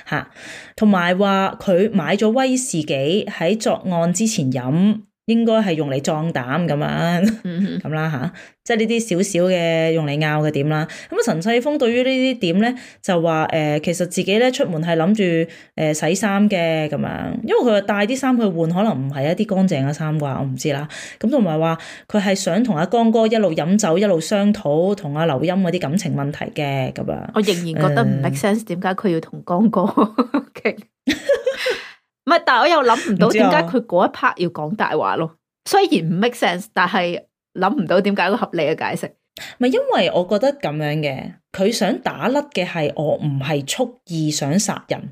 吓，同埋話佢買咗威士忌喺作案之前飲。應該係用嚟壯膽咁樣咁啦吓，即係呢啲少少嘅用嚟拗嘅點啦。咁啊陳世峰對於呢啲點咧就話誒、呃，其實自己咧出門係諗住誒洗衫嘅咁樣，因為佢話帶啲衫去換，可能唔係一啲乾淨嘅衫啩，我唔知啦。咁同埋話佢係想同阿江哥一路飲酒一路商討同阿劉鑫嗰啲感情問題嘅咁樣。我仍然覺得唔 make sense，點解佢要同江哥傾？ okay . 唔係，但係我又諗唔到點解佢嗰一 part 要講大話咯。雖然唔 make sense，但係諗唔到點解個合理嘅解釋。係因為我覺得咁樣嘅，佢想打甩嘅係我唔係蓄意想殺人，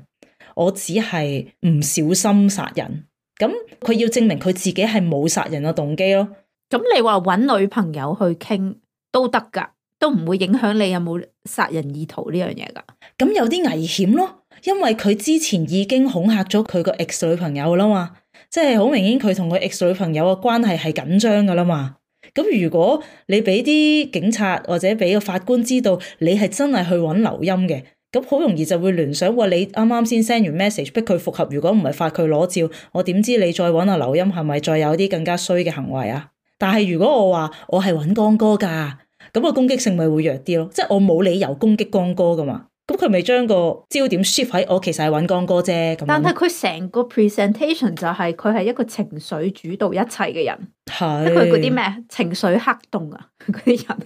我只係唔小心殺人。咁佢要證明佢自己係冇殺人嘅動機咯。咁你話揾女朋友去傾都得噶，都唔會影響你有冇殺人意圖呢樣嘢噶。咁有啲危險咯。因為佢之前已經恐嚇咗佢個 x 女朋友啦嘛，即係好明顯佢同個 x 女朋友嘅關係係緊張噶啦嘛。咁如果你俾啲警察或者俾個法官知道你係真係去揾劉鑫嘅，咁好容易就會聯想喂，你啱啱先 send 完 message 逼佢復合，如果唔係發佢裸照，我點知你再揾啊劉鑫係咪再有啲更加衰嘅行為啊？但係如果我話我係揾江歌噶，咁個攻擊性咪會弱啲咯，即係我冇理由攻擊江歌噶嘛。咁佢咪將個焦點 shift 喺我，其實係揾江歌啫。但係佢成個 presentation 就係佢係一個情緒主導一切嘅人，係佢嗰啲咩情緒黑洞啊，嗰啲人。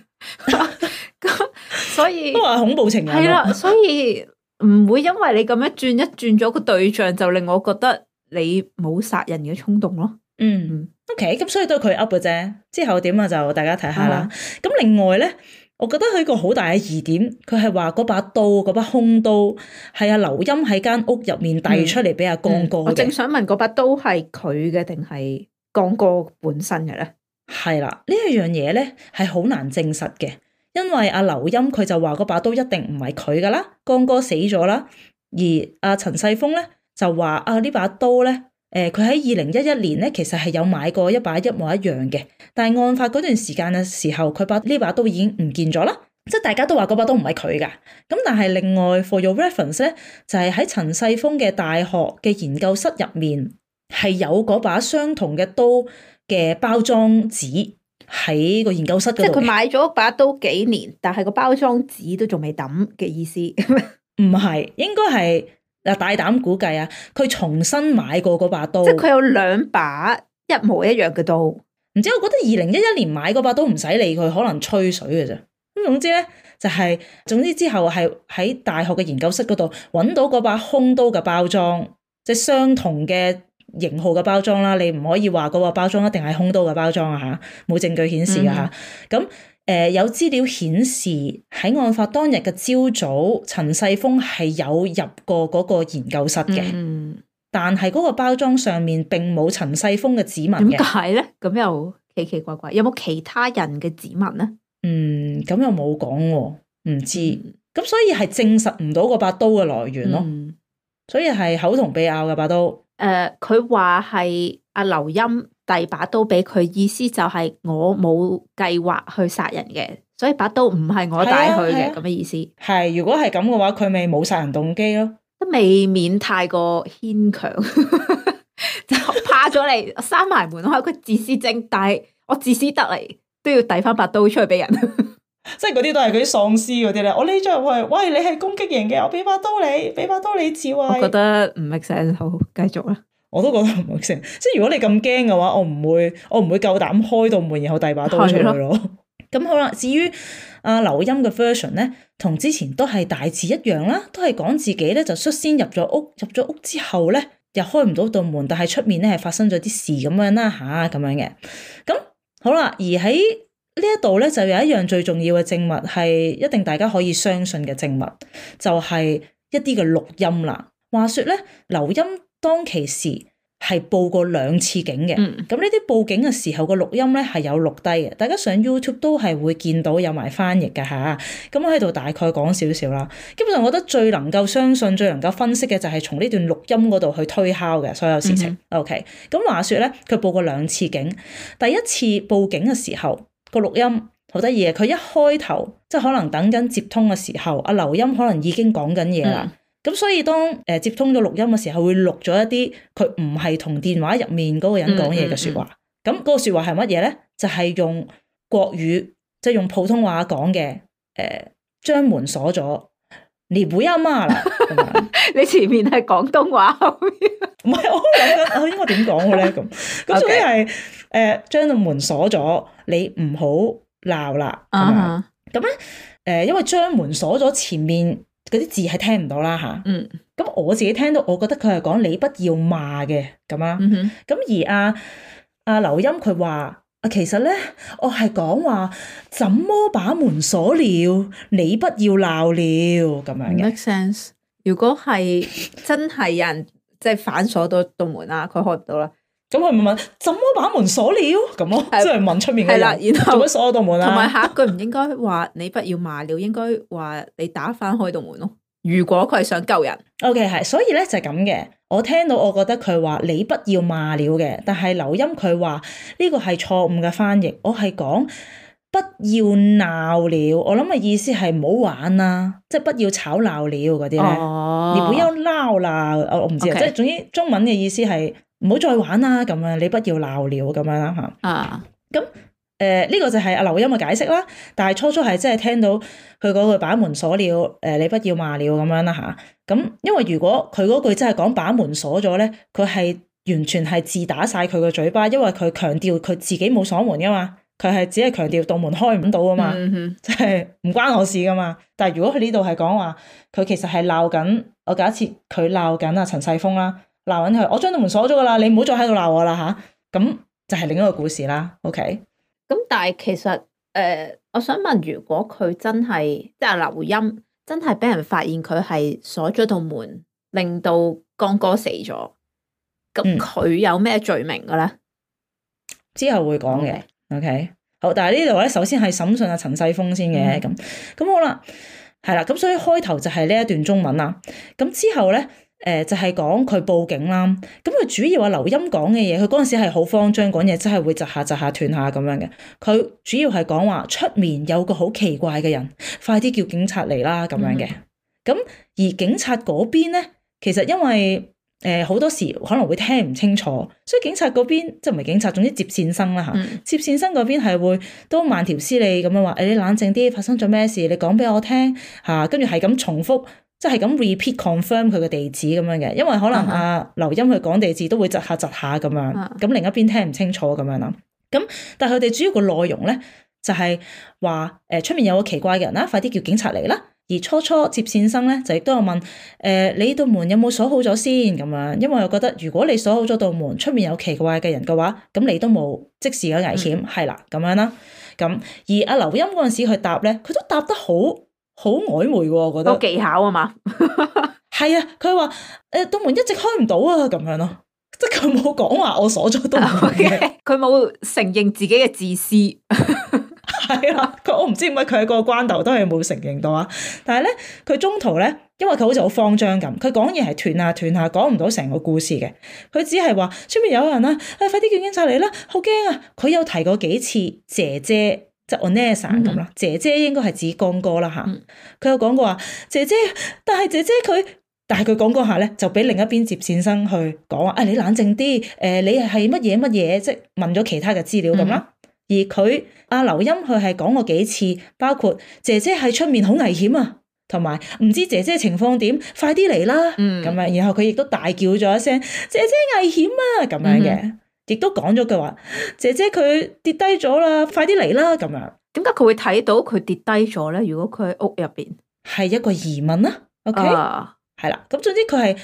咁 所以都話恐怖情人係啦，啊,所以唔會因為你咁樣轉一轉咗個對象，就令我覺得你冇殺人嘅衝動咯。嗯，OK，咁所以都係佢 up 嘅啫。之後點啊，就大家睇下啦。咁、嗯、另外咧。我覺得佢一個好大嘅疑點，佢係話嗰把刀、嗰把凶刀係阿劉鑫喺間屋入面遞出嚟俾阿江哥、嗯嗯。我正想問嗰把刀係佢嘅定係江哥本身嘅咧？係啦，呢一樣嘢咧係好難證實嘅，因為阿劉鑫佢就話嗰把刀一定唔係佢噶啦，江哥死咗啦，而阿陳世峰咧就話啊，呢把刀咧。誒，佢喺二零一一年咧，其實係有買過一把一模一樣嘅，但係案發嗰段時間嘅時候，佢把呢把刀已經唔見咗啦，即係大家都話嗰把刀唔係佢噶。咁但係另外，for your reference 咧，就係喺陳世峰嘅大學嘅研究室入面，係有嗰把相同嘅刀嘅包裝紙喺個研究室度，即係佢買咗把刀幾年，但係個包裝紙都仲未抌嘅意思？唔 係，應該係。嗱，大膽估計啊，佢重新買過嗰把刀，即係佢有兩把一模一樣嘅刀。唔知我覺得二零一一年買嗰把刀唔使理佢，可能吹水嘅啫。咁總之咧，就係、是、總之之後係喺大學嘅研究室嗰度揾到嗰把兇刀嘅包裝，即、就、係、是、相同嘅型號嘅包裝啦。你唔可以話嗰個包裝一定係兇刀嘅包裝啊，嚇冇證據顯示啊，嚇咁、嗯哼。誒、呃，有資料顯示喺案發當日嘅朝早，陳世峰係有入過嗰個研究室嘅。嗯。但係嗰個包裝上面並冇陳世峰嘅指紋。點解咧？咁又奇奇怪怪，有冇其他人嘅指紋咧？嗯，咁又冇講，唔知。咁、嗯、所以係證實唔到個把刀嘅來源咯。嗯、所以係口同鼻拗嘅把刀。誒、呃，佢話係阿劉鑫第二把刀俾佢，意思就係我冇計劃去殺人嘅，所以把刀唔係我帶去嘅咁嘅意思。係如果係咁嘅話，佢咪冇殺人動機咯？都未免太過牽強， 就怕咗你閂埋 門開，佢 自私症，但係我自私得嚟都要遞翻把刀出去俾人， 即係嗰啲都係嗰啲喪屍嗰啲咧。我匿咗入去，喂，你係攻擊型嘅，我俾把刀你，俾把刀你，似我覺得唔 make sense，繼續啦。我都覺得唔好聽，即係如果你咁驚嘅話，我唔會，我唔會夠膽開道門，然後大把刀出去囉。咁的 好啦，至於阿劉鑫嘅 version 咧，同之前都係大致一樣啦，都係講自己咧就率先入咗屋，入咗屋之後咧又開唔到道門，但係出面咧係發生咗啲事咁樣啦吓咁、啊、樣嘅。咁好啦，而喺呢一度咧就有一樣最重要嘅證物係一定大家可以相信嘅證物，就係、是、一啲嘅錄音啦。話說咧，劉鑫。當其時係報過兩次警嘅，咁呢啲報警嘅時候個錄音咧係有錄低嘅，大家上 YouTube 都係會見到有埋翻譯嘅吓，咁、啊、我喺度大概講少少啦。基本上，我覺得最能夠相信、最能夠分析嘅就係從呢段錄音嗰度去推敲嘅所有事情。OK，咁話說咧，佢報過兩次警，第一次報警嘅時候個錄音好得意嘅，佢一開頭即係可能等緊接通嘅時候，阿劉鑫可能已經講緊嘢啦。嗯咁所以當誒，接通咗錄音嘅時候，會錄咗一啲佢唔係同電話入面嗰個人講嘢嘅說話。咁嗰、嗯嗯、個說話係乜嘢咧？就係、是、用國語，即、就、係、是、用普通話講嘅。誒、呃，將門鎖咗，你唔好媽啦。 樣 你前面係廣東話，後面唔係 我諗諗，我應該點講嘅咧？咁咁所以係誒，將個門鎖咗，你唔好鬧啦。咁、uh huh. 樣誒、呃，因為將門鎖咗前面。嗰啲字係聽唔到啦吓？嗯，咁我自己聽到，我覺得佢係講你不要罵嘅咁、嗯、哼。咁而阿、啊、阿劉鑫佢話啊，其實咧我係講話怎麼把門鎖了，你不要鬧了咁樣嘅。Make sense？ 如果係真係有人即係反鎖到道門啦，佢開唔到啦。咁佢問：怎麼把門鎖了？咁咯、啊，即係是問出面嘅人。係啦，然後做乜鎖嗰道門啊？同埋下一句唔應該話你不要罵了， 應該話你打翻開道門咯、啊。如果佢係想救人。O K，係，所以咧就係咁嘅。我聽到我覺得佢話你不要罵了嘅，但係劉鑫佢話呢個係錯誤嘅翻譯。我係講不要鬧了。我諗嘅意思係唔好玩啦，即係不要吵鬧了嗰啲咧。哦，而唔係鬧啦。我我唔知 Okay. 即係總之中文嘅意思係。唔好再玩啦，咁樣你不要鬧了，咁樣啦吓。啊，咁誒呢個就係阿劉鑫嘅解釋啦。但係初初係真係聽到佢嗰句把門鎖了，誒你不要罵了咁樣啦吓。咁因為如果佢嗰句真係講把門鎖咗咧，佢係完全係自打晒佢個嘴巴，因為佢強調佢自己冇鎖門噶嘛，佢係只係強調道門開唔到啊嘛，即係唔關我的事噶嘛。但係如果佢呢度係講話，佢其實係鬧緊，我假設佢鬧緊阿陳世峰啦。鬧緊佢，我將道門鎖咗噶啦，你唔好再喺度鬧我啦吓。咁、啊、就係另一個故事啦。OK。咁但係其實誒、呃，我想問，如果佢真係即係劉鑫，真係俾人發現佢係鎖咗道門，令到江歌死咗，咁佢有咩罪名嘅咧、嗯？之後會講嘅。OK。Okay? 好，但係呢度咧，首先係審訊阿陳世峰先嘅。咁咁、嗯、好啦，係啦。咁所以開頭就係呢一段中文啦。咁之後咧。誒，就係講佢報警啦，咁佢主要話，劉鑫講嘅嘢，佢嗰陣時係好慌張講嘢，那個、真係會窒下窒下斷下咁樣嘅。佢主要係講話出面有個好奇怪嘅人，快啲叫警察嚟啦咁樣嘅。咁、嗯、而警察嗰邊咧，其實因為誒好多時可能會聽唔清楚，所以警察嗰邊即唔係警察，總之接線生啦吓，嗯、接線生嗰邊係會都慢條斯理咁樣話，誒、哎、你冷靜啲，發生咗咩事，你講俾我聽吓，跟住係咁重複。即係咁 repeat confirm 佢嘅地址咁樣嘅，因為可能阿、啊、劉、uh huh. 鑫佢講地址都會窒下窒下咁、uh huh. 樣，咁另一邊聽唔清楚咁樣啦。咁但係佢哋主要個內容咧，就係話誒，出面有個奇怪嘅人啦，快啲叫警察嚟啦。而初初接線生咧就亦都有問誒、呃、你度門有冇鎖好咗先咁樣，因為我覺得如果你鎖好咗度門，出面有奇怪嘅人嘅話，咁你都冇即時有危險係啦，咁、uh huh. 樣啦。咁而阿、啊、劉鑫嗰陣時去答咧，佢都答得好。好曖昧喎，我覺得個技巧啊嘛，係 啊，佢話誒，道、呃、門一直開唔到啊，咁樣咯，即係佢冇講話我鎖咗道門，佢冇承認自己嘅自私，係 啊，佢我唔知點解佢喺個關頭都係冇承認到啊，但係咧佢中途咧，因為佢好似好慌張咁，佢講嘢係斷下斷下，講唔到成個故事嘅，佢只係話出面有人啦、啊，誒、啊啊，快啲叫警察嚟啦，好驚啊，佢有提過幾次姐姐。就阿 Nessa 咁啦，A，姐姐應該係指江歌啦吓。佢、嗯、有講過話姐姐，但係姐姐佢，但係佢講嗰下咧，就俾另一邊接線生去講啊、哎。你冷靜啲，誒、呃，你係乜嘢乜嘢？即係問咗其他嘅資料咁啦。嗯、而佢阿劉鑫佢係講過幾次，包括姐姐喺出面好危險啊，同埋唔知姐姐情況點，快啲嚟啦。嗯，咁啊，然後佢亦都大叫咗一聲姐姐危險啊咁樣嘅。嗯亦都講咗句話，姐姐佢跌低咗啦，快啲嚟啦咁樣。點解佢會睇到佢跌低咗咧？如果佢喺屋入邊，係一個疑問啦、啊。OK，係啦、啊。咁總之佢係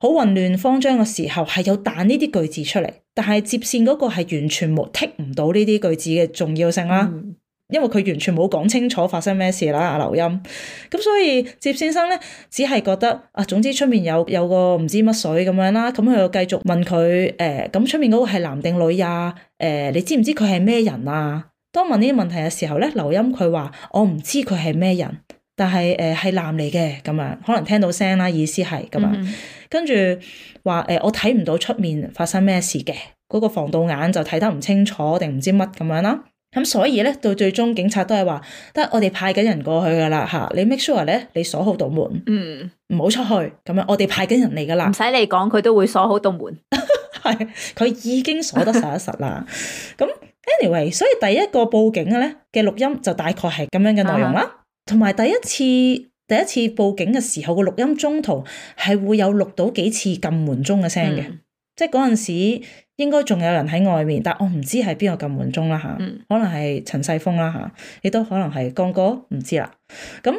好混亂慌張嘅時候，係有彈呢啲句子出嚟，但係接線嗰個係完全冇剔唔到呢啲句子嘅重要性啦。嗯因為佢完全冇講清楚發生咩事啦，啊劉鑫，咁所以接線生咧只係覺得啊，總之出面有有個唔知乜水咁樣啦，咁佢又繼續問佢誒，咁、呃、出面嗰個係男定女呀、啊？誒、呃，你知唔知佢係咩人啊？當問呢啲問題嘅時候咧，劉鑫佢話我唔知佢係咩人，但係誒係男嚟嘅咁樣，可能聽到聲啦，意思係咁樣，跟住話誒我睇唔到出面發生咩事嘅，嗰、那個防盜眼就睇得唔清楚定唔知乜咁樣啦。咁所以咧，到最終警察都係話，得我哋派緊人過去噶啦嚇，你 make sure 咧，你鎖好道門，唔好，嗯、出去咁樣我，我哋派緊人嚟噶啦，唔使你講，佢都會鎖好道門。係， 佢已經鎖得實一實啦。咁 anyway，所以第一個報警嘅咧嘅錄音就大概係咁樣嘅內容啦。同埋，啊、第一次第一次報警嘅時候個錄音，中途係會有錄到幾次撳門鐘嘅聲嘅，嗯、即係嗰陣時。應該仲有人喺外面，但我唔知係邊個㩒門鐘啦，吓，嗯、可能係陳世峰啦，吓，亦都可能係江歌，唔知啦。咁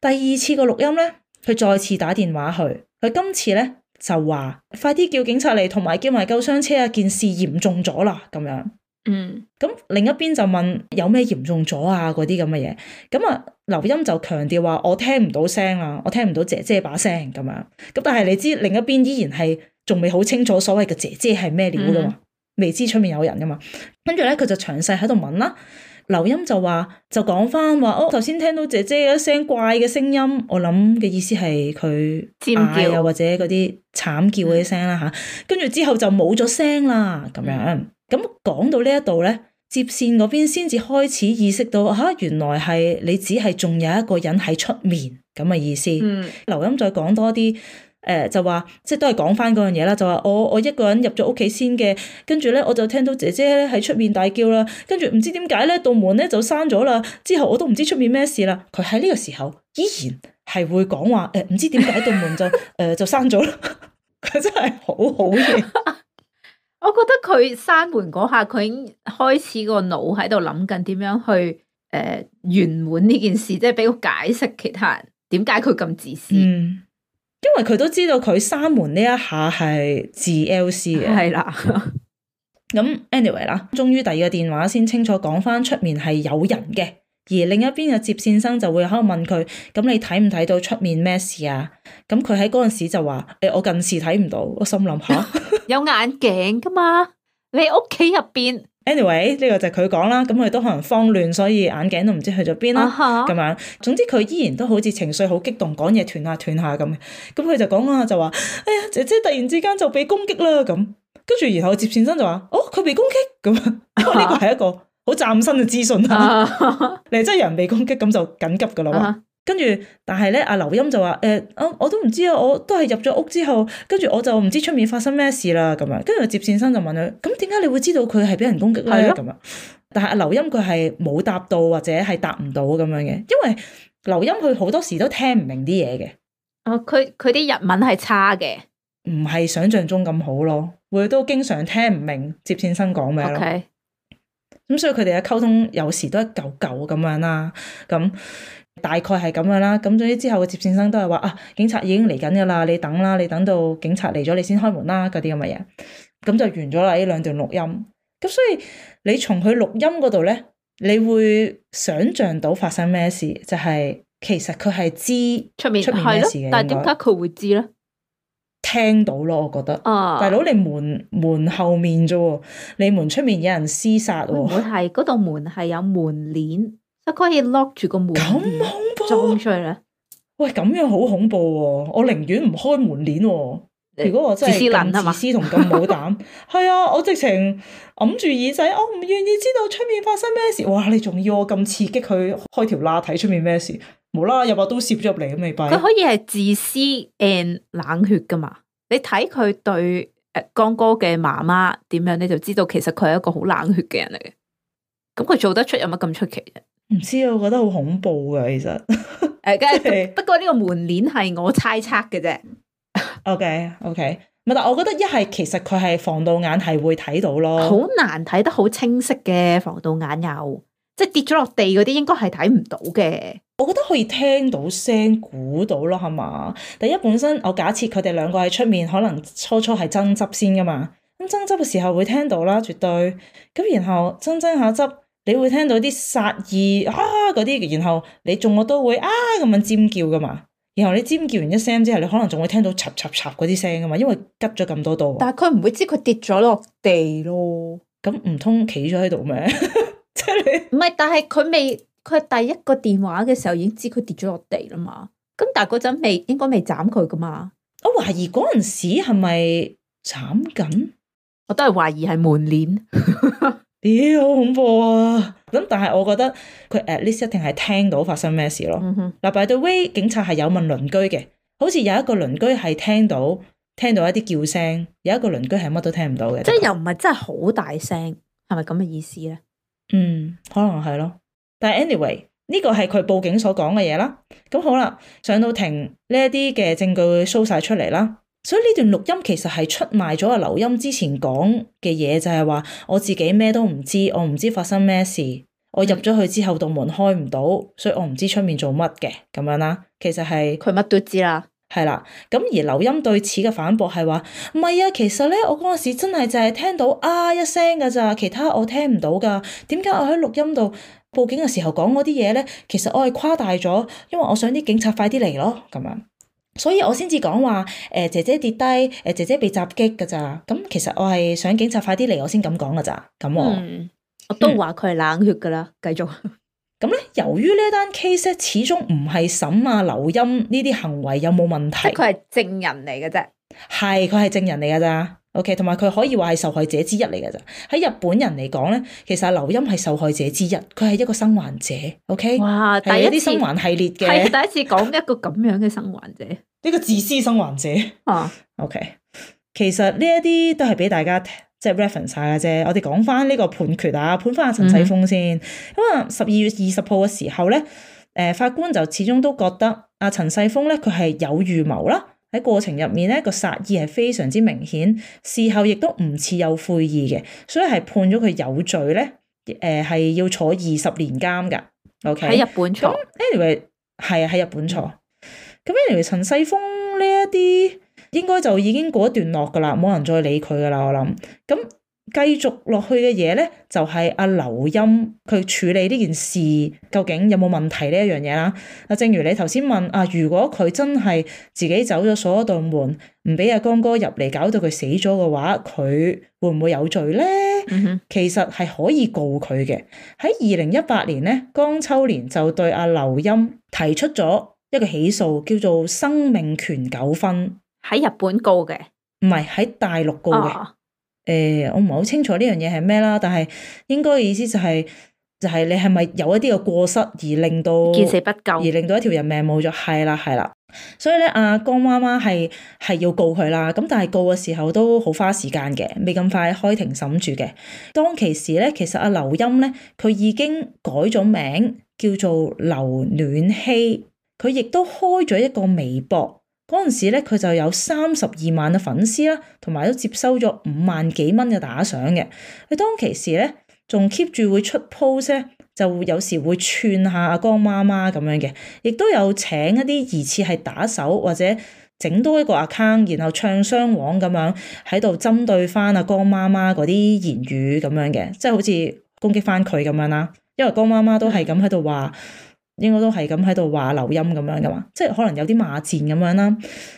第二次個錄音咧，佢再次打電話去，佢今次咧就話快啲叫警察嚟，同埋叫埋救傷車啊，件事嚴重咗啦咁樣。嗯，咁另一邊就問有咩嚴重咗啊，嗰啲咁嘅嘢。咁啊，劉鑫就強調話我聽唔到聲啦，我聽唔到姐姐把聲咁樣。咁但係你知另一邊依然係。仲未好清楚所謂嘅姐姐係咩料噶嘛，未知出面有人噶嘛。跟住咧，佢就詳細喺度問啦。劉鑫就話，就講翻話，我頭先聽到姐姐一聲怪嘅聲音，我諗嘅意思係佢尖叫、啊，又或者嗰啲慘叫嘅聲啦嚇。跟住、嗯、之後就冇咗聲啦，咁樣。咁講到呢一度咧，接線嗰邊先至開始意識到嚇、啊，原來係你只係仲有一個人喺出面咁嘅意思。劉、嗯、鑫再講多啲。誒、呃，就話即係都係講翻嗰樣嘢啦。就話我我一個人入咗屋企先嘅，跟住咧我就聽到姐姐咧喺出面大叫啦。跟住唔知點解咧，道門咧就閂咗啦。之後我都唔知出面咩事啦。佢喺呢個時候依然係會講話，誒、呃，唔知點解道門就誒、 呃、就閂咗啦。佢 真係好好嘢。 我覺得佢閂門嗰下，佢已經開始個腦喺度諗緊點樣去誒圓滿呢件事，即係俾佢解釋其他人點解佢咁自私、嗯。因為佢都知道佢閂門呢一下係自 L C 嘅，係啦。 咁 anyway 啦，終於第二個電話先清楚講翻出面係有人嘅，而另一邊嘅接線生就會喺度問佢：咁你睇唔睇到出面咩事啊？咁佢喺嗰陣時就話：誒，我近視睇唔到。我心諗下， 有眼鏡噶嘛？你屋企入邊。anyway 呢個就係佢講啦，咁佢都可能慌亂，所以眼鏡都唔知去咗邊啦，咁、uh huh. 樣。總之佢依然都好似情緒好激動，講嘢斷下斷下咁嘅。咁佢就講啦，就話：哎呀，姐姐突然之間就被攻擊啦咁。跟住然後接線生就話：哦，佢被攻擊咁啊，因為呢個係一個好嶄新嘅資訊啦。你真係有人被攻擊咁就緊急㗎啦嘛。Uh huh. 跟住，但係咧，阿劉鑫就話：誒、欸，我我都唔知啊，我都係入咗屋之後，跟住我就唔知出面發生咩事啦，咁樣。跟住接線生就問佢：咁點解你會知道佢係俾人攻擊咧？咁、哎、啊的？但係阿劉鑫佢係冇答到或者係答唔到咁樣嘅，因為劉鑫佢好多時都聽唔明啲嘢嘅。哦，佢佢啲日文係差嘅，唔係想象中咁好咯，會都經常聽唔明接線生講咩咯。咁 Okay.、嗯、所以佢哋嘅溝通有時都一嚿嚿咁樣啦，咁。大概係咁樣啦，咁總之之後嘅接線生都係話啊，警察已經嚟緊㗎啦，你等啦，你等到警察嚟咗，你先開門啦，嗰啲咁嘅嘢，咁就完咗啦呢兩段錄音。咁所以你從佢錄音嗰度咧，你會想象到發生咩事？就係其實佢係知出面出面嘅事嘅，但係點解佢會知咧？聽到咯，我覺得。啊，大佬，你門門後面啫喎，你門出面有人廝殺喎，唔會係嗰道門係有門鏈。佢可以 lock 住個門而走出嚟，去呢，喂，咁樣好恐怖喎，啊！我寧願唔開門鏈，啊。如果我真係自私自私同咁冇膽，係 啊，我直情揞住耳仔，我唔願意知道出面發生咩事。哇！你仲要我咁刺激佢開條罅睇出面咩事？無啦啦入把刀攝咗入嚟咁未閉？佢可以係自私 and 冷血噶嘛？你睇佢對誒江歌嘅媽媽點樣你就知道其實佢係一個好冷血嘅人嚟嘅。咁佢做得出有乜咁出奇？唔知啊，我覺得好恐怖噶，其實誒，跟住不過呢個門簾係我猜測嘅啫。OK，OK，唔係，但我覺得一係其實佢係防盜眼係會睇到咯，好難睇得好清晰嘅防盜眼又即係跌咗落地嗰啲，應該係睇唔到嘅。我覺得可以聽到聲，估到咯，係嘛？第一，本身我假設佢哋兩個喺出面，可能初初係爭執先噶嘛，咁爭執嘅時候會聽到啦，絕對。咁然後爭爭下執。你會聽到啲殺意啊嗰啲，然後你仲我都會啊咁樣尖叫噶嘛，然後你尖叫完一聲之後，你可能仲會聽到插插插嗰啲聲噶嘛，因為急咗咁多度。但係佢唔會知佢跌咗落地咯，咁唔通企咗喺度咩？即係唔係？但係佢未，佢第一個電話嘅時候已經知佢跌咗落地啦嘛。咁但係嗰陣未，應該未斬佢噶嘛？我懷疑嗰陣時係咪斬緊？我都係懷疑係門鏈。 咦，好恐怖啊！咁但係我覺得佢 at least 一定係聽到發生咩事咯。嗱，b y the way 警察係有問鄰居嘅，好似有一個鄰居係聽到聽到一啲叫聲，有一個鄰居係乜都聽唔到嘅，即係又唔係真係好大聲，係咪咁嘅意思咧？嗯，可能係咯。但係 anyway 呢個係佢報警所講嘅嘢啦。咁好啦，上到庭呢一啲嘅證據會 show 晒出嚟啦。所以呢段錄音其實係出賣咗阿劉鑫之前講嘅嘢就係話，我自己咩都唔知，我唔知發生咩事，我入咗去之後，道門開唔到，所以我唔知出面做乜嘅咁樣啦。其實係佢乜都知啦，係啦。咁而劉鑫對此嘅反駁係話：唔係啊，其實咧，我嗰陣時真係就係聽到啊一聲㗎咋，其他我聽唔到㗎。點解我喺錄音度報警嘅時候講嗰啲嘢咧？其實我係誇大咗，因為我想啲警察快啲嚟咯，咁樣。所以我先至講話，誒、呃、姐姐跌低，誒、呃、姐姐被襲擊嘅咋？咁其實我係想警察快啲嚟，我先咁講噶咋？咁、嗯，我都話佢係冷血噶啦。繼續。咁咧，由於呢一單 case 始終唔係審啊劉鑫呢啲行為有冇問題？佢係證人嚟嘅啫。係，佢係證人嚟噶咋？O K，同埋佢可以話係受害者之一嚟㗎咋？喺日本人嚟講咧，其實劉鑫係受害者之一，佢係一個生還者。O、okay? K，哇，係一啲生還系列嘅，係第一次講一個咁樣嘅生還者，一個自私生還者。啊，O、okay, K，其實呢一啲都係俾大家即係 reference 晒嘅啫。我哋講翻呢個判決啊，判翻阿陳世峰先。咁啊、嗯，十二月二十號嘅時候咧，誒、呃，法官就始終都覺得阿陳世峰咧，佢係有預謀啦。喺過程入面咧，個殺意係非常之明顯，事後亦都唔似有悔意嘅，所以係判咗佢有罪咧，誒、呃、係要坐二十年監噶。O K，喺日本坐。anyway 係、啊、喺日本坐。咁 anyway 陳世峰呢一啲應該就已經過一段落㗎啦，冇人再理佢㗎啦，我諗，咁。繼續落去嘅嘢咧，就係阿劉鑫佢處理呢件事究竟有冇問題呢一樣嘢啦。啊，正如你頭先問，啊，如果佢真係自己走咗鎖咗道門，唔俾阿江歌入嚟，搞到佢死咗嘅話，佢會唔會有罪咧？Mm hmm. 其實係可以告佢嘅。喺二零一八年咧，江秋蓮就對阿劉鑫提出咗一個起訴，叫做生命權糾紛。喺日本告嘅，唔係喺大陸告嘅。Oh. 誒、欸，我唔係好清楚呢樣嘢係咩啦，但係應該嘅意思就係、是，就係、是、你係咪有一啲嘅過失而令到，見死不救而令到一條人命冇咗，係啦係啦。所以咧，阿、啊、江媽媽係係要告佢啦，咁但係告嘅時候都好花時間嘅，未咁快開庭審住嘅。當其時咧，其實阿劉鑫咧，佢已經改咗名叫做劉暖曦，佢亦都開咗一個微博。嗰陣時咧，佢就有三十二萬嘅粉絲啦，同埋都接收咗五萬幾蚊嘅打賞嘅。佢當其時咧，仲 keep 住會出 post 咧，就有時會串下阿江媽媽咁樣嘅，亦都有請一啲疑似係打手或者整多一個 account，然後唱雙簧咁樣喺度針對翻阿江媽媽嗰啲言語咁樣嘅，即係好似攻擊翻佢咁樣啦。因為江媽媽都係咁喺度話。應該都係咁喺度話劉鑫咁樣噶嘛，即係可能有啲罵戰咁樣啦。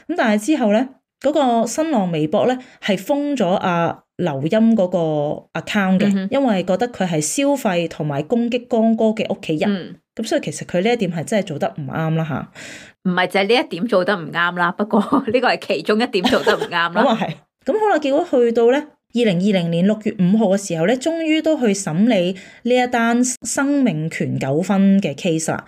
咁但係之後咧，嗰、那個新浪微博咧係封咗阿劉鑫嗰個 account 嘅，因為覺得佢係消費同埋攻擊江歌嘅屋企人。咁、嗯、所以其實佢呢一點係真係做得唔啱啦吓。唔係淨係呢一點做得唔啱啦，不過呢個係其中一點做得唔啱啦。咁啊係，咁可能結果去到咧。二零二零年六月五號嘅時候咧，終於都去審理呢一單生命權糾紛嘅 case 啦。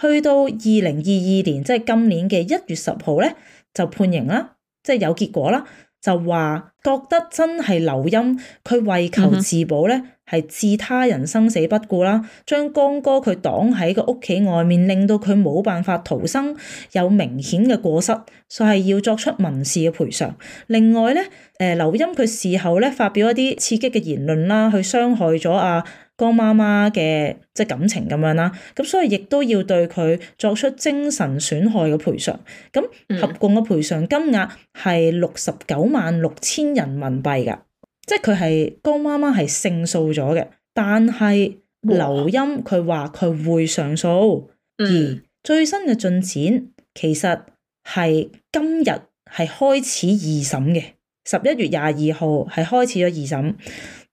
去到二零二二年，即係今年嘅一月十號咧，就判刑啦，即係有結果啦，就話覺得真係劉鑫，佢為求自保咧。嗯係置他人生死不顧啦，將江歌佢擋喺個屋企外面，令到佢冇辦法逃生，有明顯嘅過失，所以係要作出民事嘅賠償。另外咧，誒劉鑫佢事後咧，發表一啲刺激嘅言論啦，去傷害咗阿江媽媽嘅即係感情咁樣啦，咁所以亦都要對佢作出精神損害嘅賠償。咁合共嘅賠償金額係六十九萬六千人民幣噶。即係佢係江媽媽係勝訴咗嘅，但係劉鑫佢話佢會上訴，嗯、而最新嘅進展其實係今日係開始二審嘅，十一月廿二號係開始咗二審，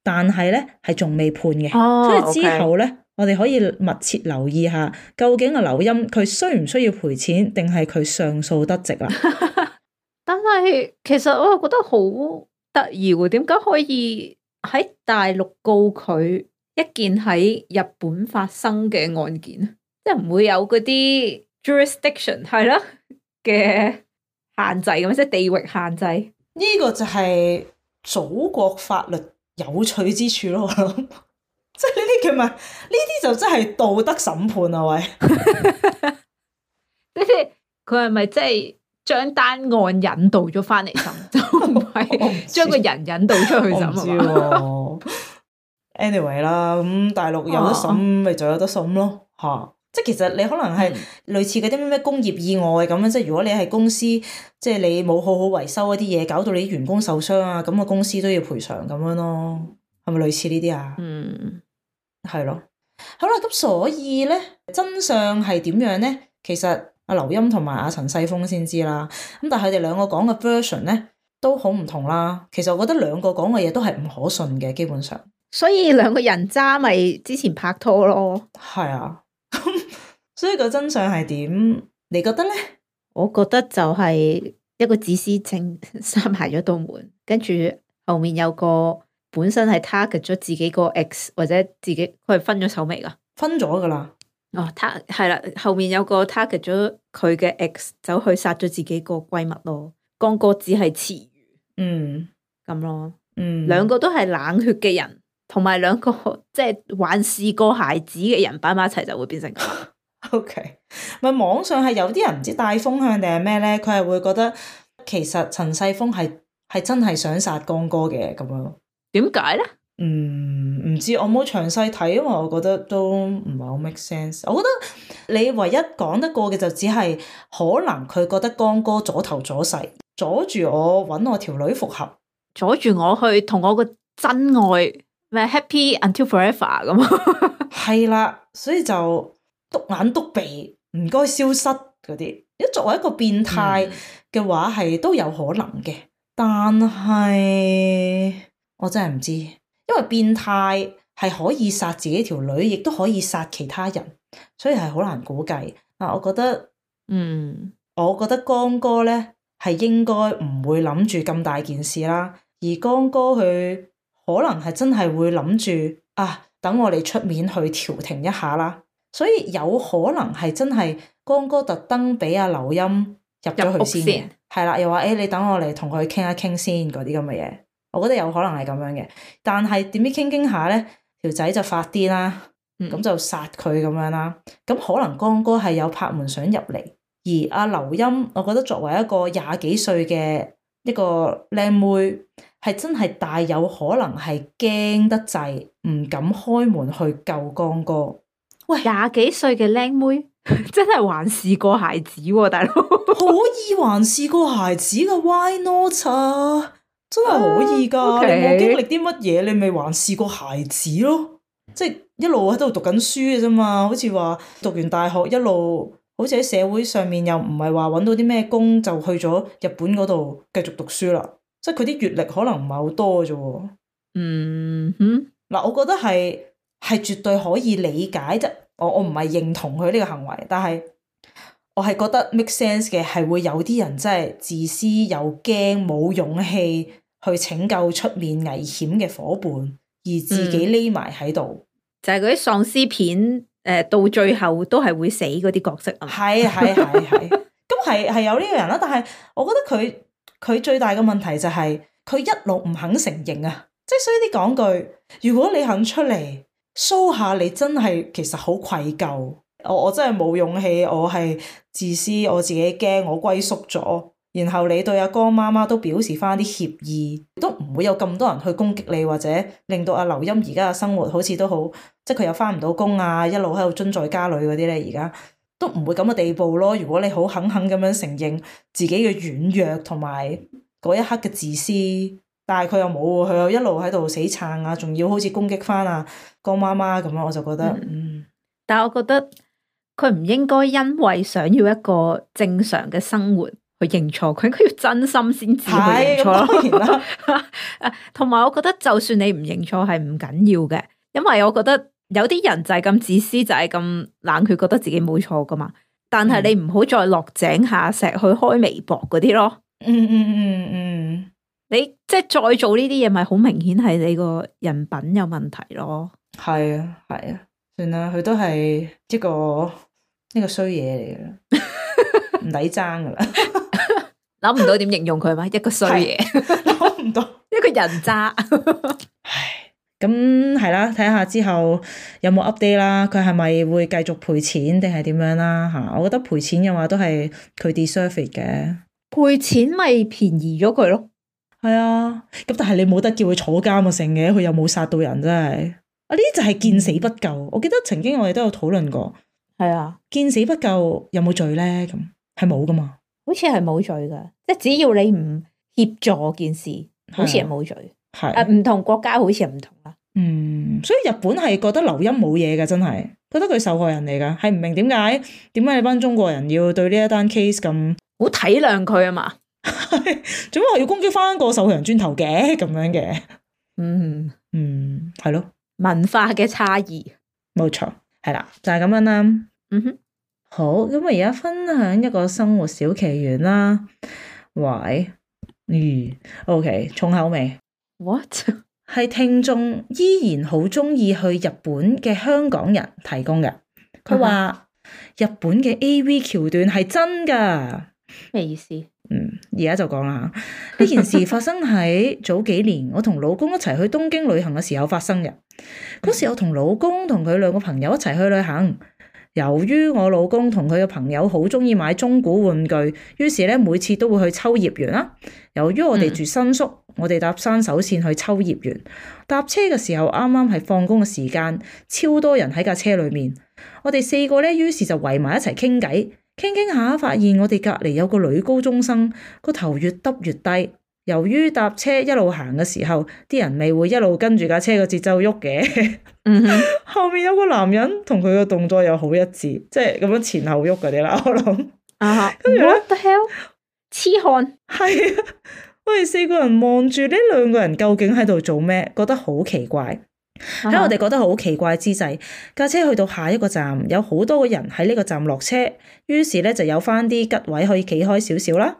但係咧係仲未判嘅，哦、所以之後咧、哦 okay、我哋可以密切留意下，究竟個劉鑫佢需唔需要賠錢，定係佢上訴得值啦？ 但係其實我又覺得好、啊。得意喎？點解可以喺大陸告佢一件喺日本發生嘅案件啊？即係唔會有嗰啲 jurisdiction 係咯嘅限制咁，即係地域限制。呢個就係祖國法律有趣之處咯。即係呢啲叫咪呢啲就真係道德審判啊？喂，呢啲佢係咪真係？將單案引導咗翻嚟審，就唔係將個人引導出去就審。啊、 anyway 啦，咁大陸有得審，咪就有得審咯。吓、啊，啊、即係其實你可能係類似嗰啲咩工業意外咁樣，嗯、即係如果你係公司，即係你冇好好維修一啲嘢，搞到你啲員工受傷啊，咁個公司都要賠償咁樣咯，係咪類似呢啲啊？嗯，係咯。好啦，咁所以咧，真相係點樣咧？其實。劉鑫同埋阿陳世峰先知啦，咁但係佢哋兩個講嘅 version 咧都好唔同啦。其實我覺得兩個講嘅嘢都係唔可信嘅，基本上。所以兩個人渣咪之前拍拖咯。係是啊，咁 所以個真相係點？你覺得咧？我覺得就係一個自私症閂埋咗道門，跟住後面有個本身係 target 咗自己個 ex 或者自己佢係分咗手未噶分咗噶啦哦，他係啦，後面有個 target 咗佢嘅 ex，走去殺咗自己個閨蜜咯。江歌只係詞語，嗯，咁咯，嗯，兩個都係冷血嘅人，同埋兩個即係玩試過孩子嘅人擺埋一齊就會變成。OK，咪網上係有啲人唔知帶風向定係咩咧，佢係會覺得其實陳世峰係係真係想殺江歌嘅咁樣，點解咧？嗯，唔知我冇詳細睇，因為我覺得都唔係好 make sense。我覺得你唯一講得過嘅就只係可能佢覺得江歌阻頭阻勢，阻住我揾我條女復合，阻住我去同我個真愛咪 happy until forever 咁。係 啦，所以就篤眼篤鼻，唔該消失嗰啲。一作為一個變態嘅話，係、嗯、都有可能嘅，但係我真係唔知。因為變態係可以殺自己條女，亦都可以殺其他人，所以係好難估計。啊，我覺得，嗯，我覺得江歌咧係應該唔會諗住咁大件事啦。而江歌佢可能係真係會諗住啊，等我哋出面去調停一下啦。所以有可能係真係江歌特登俾阿劉鑫入咗去先，先，係啦，又話誒、哎，你等我嚟同佢傾一傾先嗰啲咁嘅嘢。我覺得有可能係咁樣嘅，但係點知傾傾下咧，條仔就發癲啦，咁就殺佢咁樣啦。咁可能江歌係有拍門想入嚟，而阿、啊、劉鑫，我覺得作為一個廿幾歲嘅一個靚妹，係真係大有可能係驚得滯，唔敢開門去救江歌。喂，廿幾歲嘅靚妹， 真係還是個孩子喎、啊，大佬 可以還是個孩子嘅、啊、why not、啊真係可以㗎 Okay.！你冇經歷啲乜嘢，你咪還係個孩子咯？即係一路喺度讀緊書嘅啫嘛。好似話讀完大學一路，好似喺社會上面又唔係話揾到啲咩工，就去咗日本嗰度繼續讀書啦。即係佢啲閲歷可能唔係好多嘅啫喎。Mm hmm. 嗯哼，嗱，我覺得係係絕對可以理解啫。我我唔係認同佢呢個行為，但係我係覺得 make sense 嘅，係會有啲人真係自私、又驚、冇勇氣。去拯救出面危險嘅伙伴，而自己匿埋喺度，就係嗰啲喪屍片。誒、呃，到最後都係會死嗰啲角色啊，係係係，咁係係有呢個人啦。但係我覺得佢佢最大嘅問題就係、是、佢一路唔肯承認啊，即係衰啲講句，如果你肯出嚟 show 下，你真係其實好愧疚。我我真係冇勇氣，我係自私，我自己驚，我龜縮咗，然後你對阿江媽媽都表示翻啲歉意，都唔會有咁多人去攻擊你，或者令到阿劉鑫而家嘅生活好似都好，即係佢又翻唔到工啊，一路喺度蹲在家裏嗰啲咧，而家都唔會咁嘅地步咯。如果你好肯肯咁樣承認自己嘅軟弱同埋嗰一刻嘅自私，但係佢又冇喎，佢又一路喺度死撐啊，仲要好似攻擊翻阿江媽媽咁樣，我就覺得，嗯嗯，但係我覺得佢唔應該因為想要一個正常嘅生活。認錯佢，佢應該要真心先至會認錯。同埋， 我覺得就算你唔認錯係唔緊要嘅，因為我覺得有啲人就係咁自私，就係、是、咁冷血，覺得自己冇錯噶嘛。但係你唔好再落井下石去開微博嗰啲咯。嗯嗯嗯嗯，嗯嗯嗯你即係再做呢啲嘢，咪、就、好、是、明顯係你個人品有問題咯。係啊係啊，算啦，佢都係一、這個呢、這個衰嘢嚟嘅，唔抵 爭噶啦。 諗唔到點形容佢係嘛，一個衰嘢，諗唔到， 一個人渣。 唉，咁係啦，睇下之後有冇 update 啦，佢係咪會繼續賠錢定係點樣啦？吓，我覺得賠錢嘅話都係佢 deserve 嘅，賠錢咪便宜咗佢咯。係啊，咁但係你冇得叫佢坐監啊，成嘅，佢又冇殺到人，真係啊！呢、啊、啲就係見死不救。我記得曾經我哋都有討論過，係啊，見死不救有冇罪咧？咁係冇噶嘛，好似係冇罪嘅。即係只要你唔協助件事，好似係冇罪。係的啊，唔同國家好似唔同啦。嗯，所以日本係覺得劉鑫冇嘢嘅，真係覺得佢受害人嚟噶，係唔明點解點解你班中國人要對呢一單 case 咁好體諒佢啊嘛？做乜我要攻擊返個受害人轉頭嘅咁樣嘅？嗯嗯，係咯、嗯，文化嘅差異冇錯，係啦，就係、是、咁樣啦。嗯哼，好，咁我而家分享一個生活小奇懸啦。喂，嗯，OK，重口味。What？係聽眾依然好鍾意去日本嘅香港人提供嘅。佢話日本嘅 AV 橋段係真噶。咩意思？嗯，而家就講啦。呢件事發生喺早幾年， 我同老公一齊去東京旅行嘅時候發生嘅。嗰時我同老公同佢兩個朋友一齊去旅行。由於我老公同佢嘅朋友好鍾意買中古玩具，於是咧每次都會去秋葉原啦。由於我哋住新宿，我哋搭山手線去秋葉原。搭車嘅時候啱啱係放工嘅時間，超多人喺架車裏面。我哋四個咧，於是就圍埋一齊傾偈，傾傾下發現我哋隔籬有個女高中生，個頭越耷越低。由於搭車一路行嘅時候，啲人未會一路跟住架車嘅節奏喐嘅。嗯 後面有個男人同佢嘅動作又好一致，即係咁樣前後喐嗰啲啦。我諗，跟住咧，what the hell？痴漢係 啊，我哋四個人望住呢兩個人究竟喺度做咩，覺得好奇怪。喺、uh huh. 我哋覺得好奇怪之際，架車去到下一個站，有好多個人喺呢個站落車，於是咧就有翻啲吉位可以企開少少啦。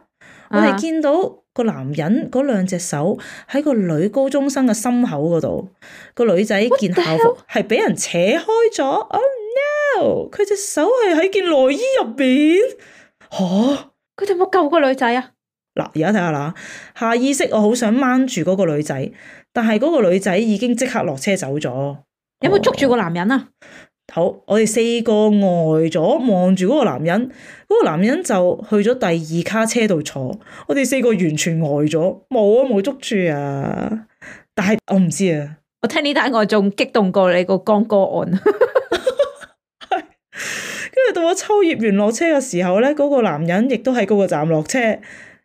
Uh huh. 我哋見到。個男人嗰兩隻手喺個女高中生嘅心口嗰度，個女仔件校服係俾人扯開咗。Oh no！佢隻手係喺件內衣入邊。吓，佢哋有冇救個女仔啊？嗱、啊，而家睇下啦。下意識我好想掹住嗰個女仔，但係嗰個女仔已經即刻落車走咗。有冇捉住個男人啊？好，我哋四個呆咗，望住嗰個男人，嗰、那個男人就去咗第二卡車度坐，我哋四個完全呆咗，冇啊冇捉住啊，但係我唔知啊，我聽呢單我仲激動過你個江歌案，跟 住 到咗秋葉園落車嘅時候咧，嗰、那個男人亦都喺嗰個站落車，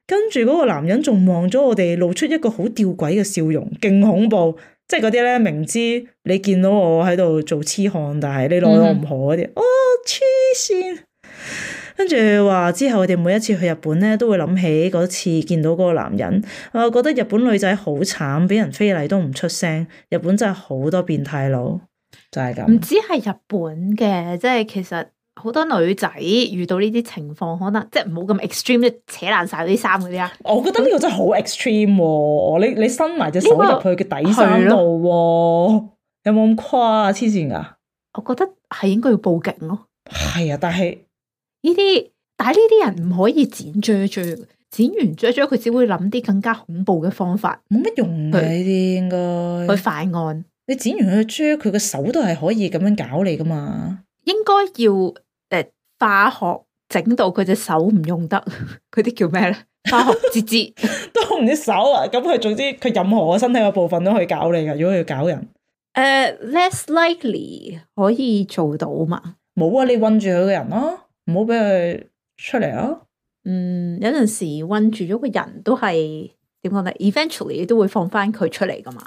跟住嗰個男人仲望咗我哋，露出一個好吊詭嘅笑容，勁恐怖。即係嗰啲咧，明知你見到我喺度做痴漢，但係你奈我唔何嗰啲，嗯、哦，黐線。跟住佢話之後，佢哋每一次去日本咧，都會諗起嗰次見到嗰個男人。我覺得日本女仔好慘，俾人非禮都唔出聲。日本真係好多變態佬，就係、是、咁。唔止係日本嘅，即係其實。好多女仔遇到呢啲情況，可能即係唔好咁 extreme，即扯爛曬啲衫嗰啲啊！我覺得呢個真係好 extreme，哦、你你伸埋隻手入去佢底衫度，有冇咁誇啊？黐線噶！我覺得係應該要報警咯、哦。係啊，但係呢啲，但係呢啲人唔可以剪、鋸、鋸，剪完鋸鋸，佢只會諗啲更加恐怖嘅方法。冇乜用啊！呢啲應該去犯案。你剪完佢鋸，佢個手都係可以咁樣搞你噶嘛？應該要。化學整到佢隻手唔用得，佢 啲叫咩咧？化學截肢， 都唔知手啊！咁佢總之佢任何個身體嘅部分都可以搞你噶，如果佢搞人。誒、uh,，less likely 可以做到嘛？冇啊，你韞住佢個人咯，唔好俾佢出嚟啊。啊嗯，有陣時韞住咗個人都係點講咧？Eventually 都會放翻佢出嚟噶嘛？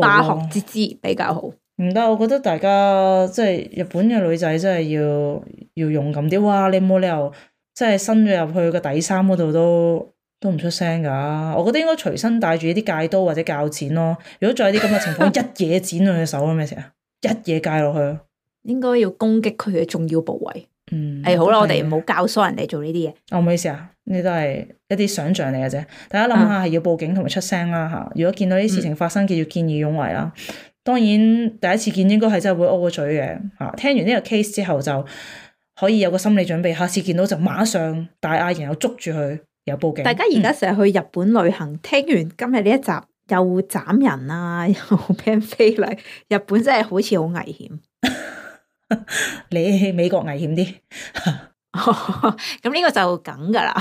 化有學截肢比較好。唔得，我覺得大家即係日本嘅女仔，真係要要勇敢啲。哇！你冇理由即係伸咗入去個底衫嗰度都都唔出聲噶、啊。我覺得應該隨身帶住啲戒刀或者鉸剪咯。如果再有啲咁嘅情況， 一嘢剪到佢嘅手咩事啊？一嘢戒落去。應該要攻擊佢嘅重要部位。嗯。誒、欸，好啦，的我哋唔好教唆人哋做呢啲嘢。我唔好意思啊，呢都係一啲想象嚟嘅啫。大家諗下係要報警同埋出聲啦吓。如果見到啲事情發生，就、嗯、要見義勇為啦。當然第一次見應該係真係會噏個嘴嘅嚇。聽完呢個 case 之後就可以有個心理準備，下次見到就馬上大嗌，然後捉住佢，然後報警。大家而家成日去日本旅行，嗯、聽完今日呢一集又斬人啊，又 band 飛嚟，日本真係好似好危險。 你美國危險啲，咁 呢、 嗯這個就梗㗎啦。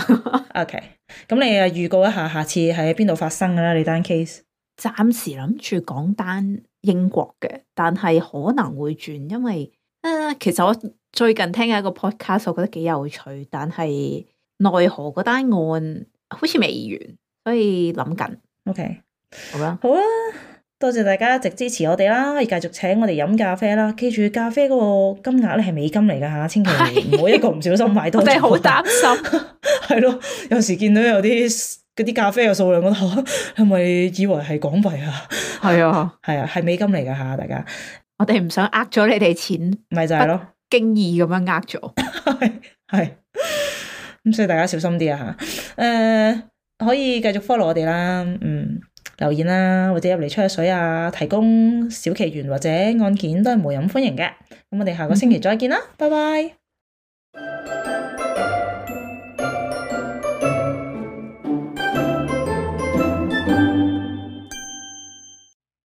OK，咁你啊預告一下，下次係喺邊度發生㗎啦？呢單 case 暫時諗住講單。英國嘅，但係可能會轉，因為啊，其實我最近聽嘅一個 podcast，我覺得幾有趣，但係奈何嗰單案好似未完，所以諗緊。O Okay . K，好啦吧，好啊，多謝大家一直支持我哋啦，可以繼續請我哋飲咖啡啦。記住，咖啡嗰個金額咧係美金嚟噶吓，千祈唔好一個唔小心買多。 我哋好擔心，係咯， 有時見到有啲。嗰啲咖啡嘅數量，我都覺得嚇，係咪以為係港幣啊？係啊的，係啊， 係美金嚟㗎嚇，大家。我哋唔想呃咗你哋錢，咪就係咯，驚意咁樣呃咗，係。 咁所以大家小心啲啊嚇，誒、呃、可以繼續 follow 我哋啦，嗯，留言啦，或者入嚟吹下水啊，提供小奇懸或者案件都係無任歡迎嘅。咁我哋下個星期再見啦，嗯、拜拜。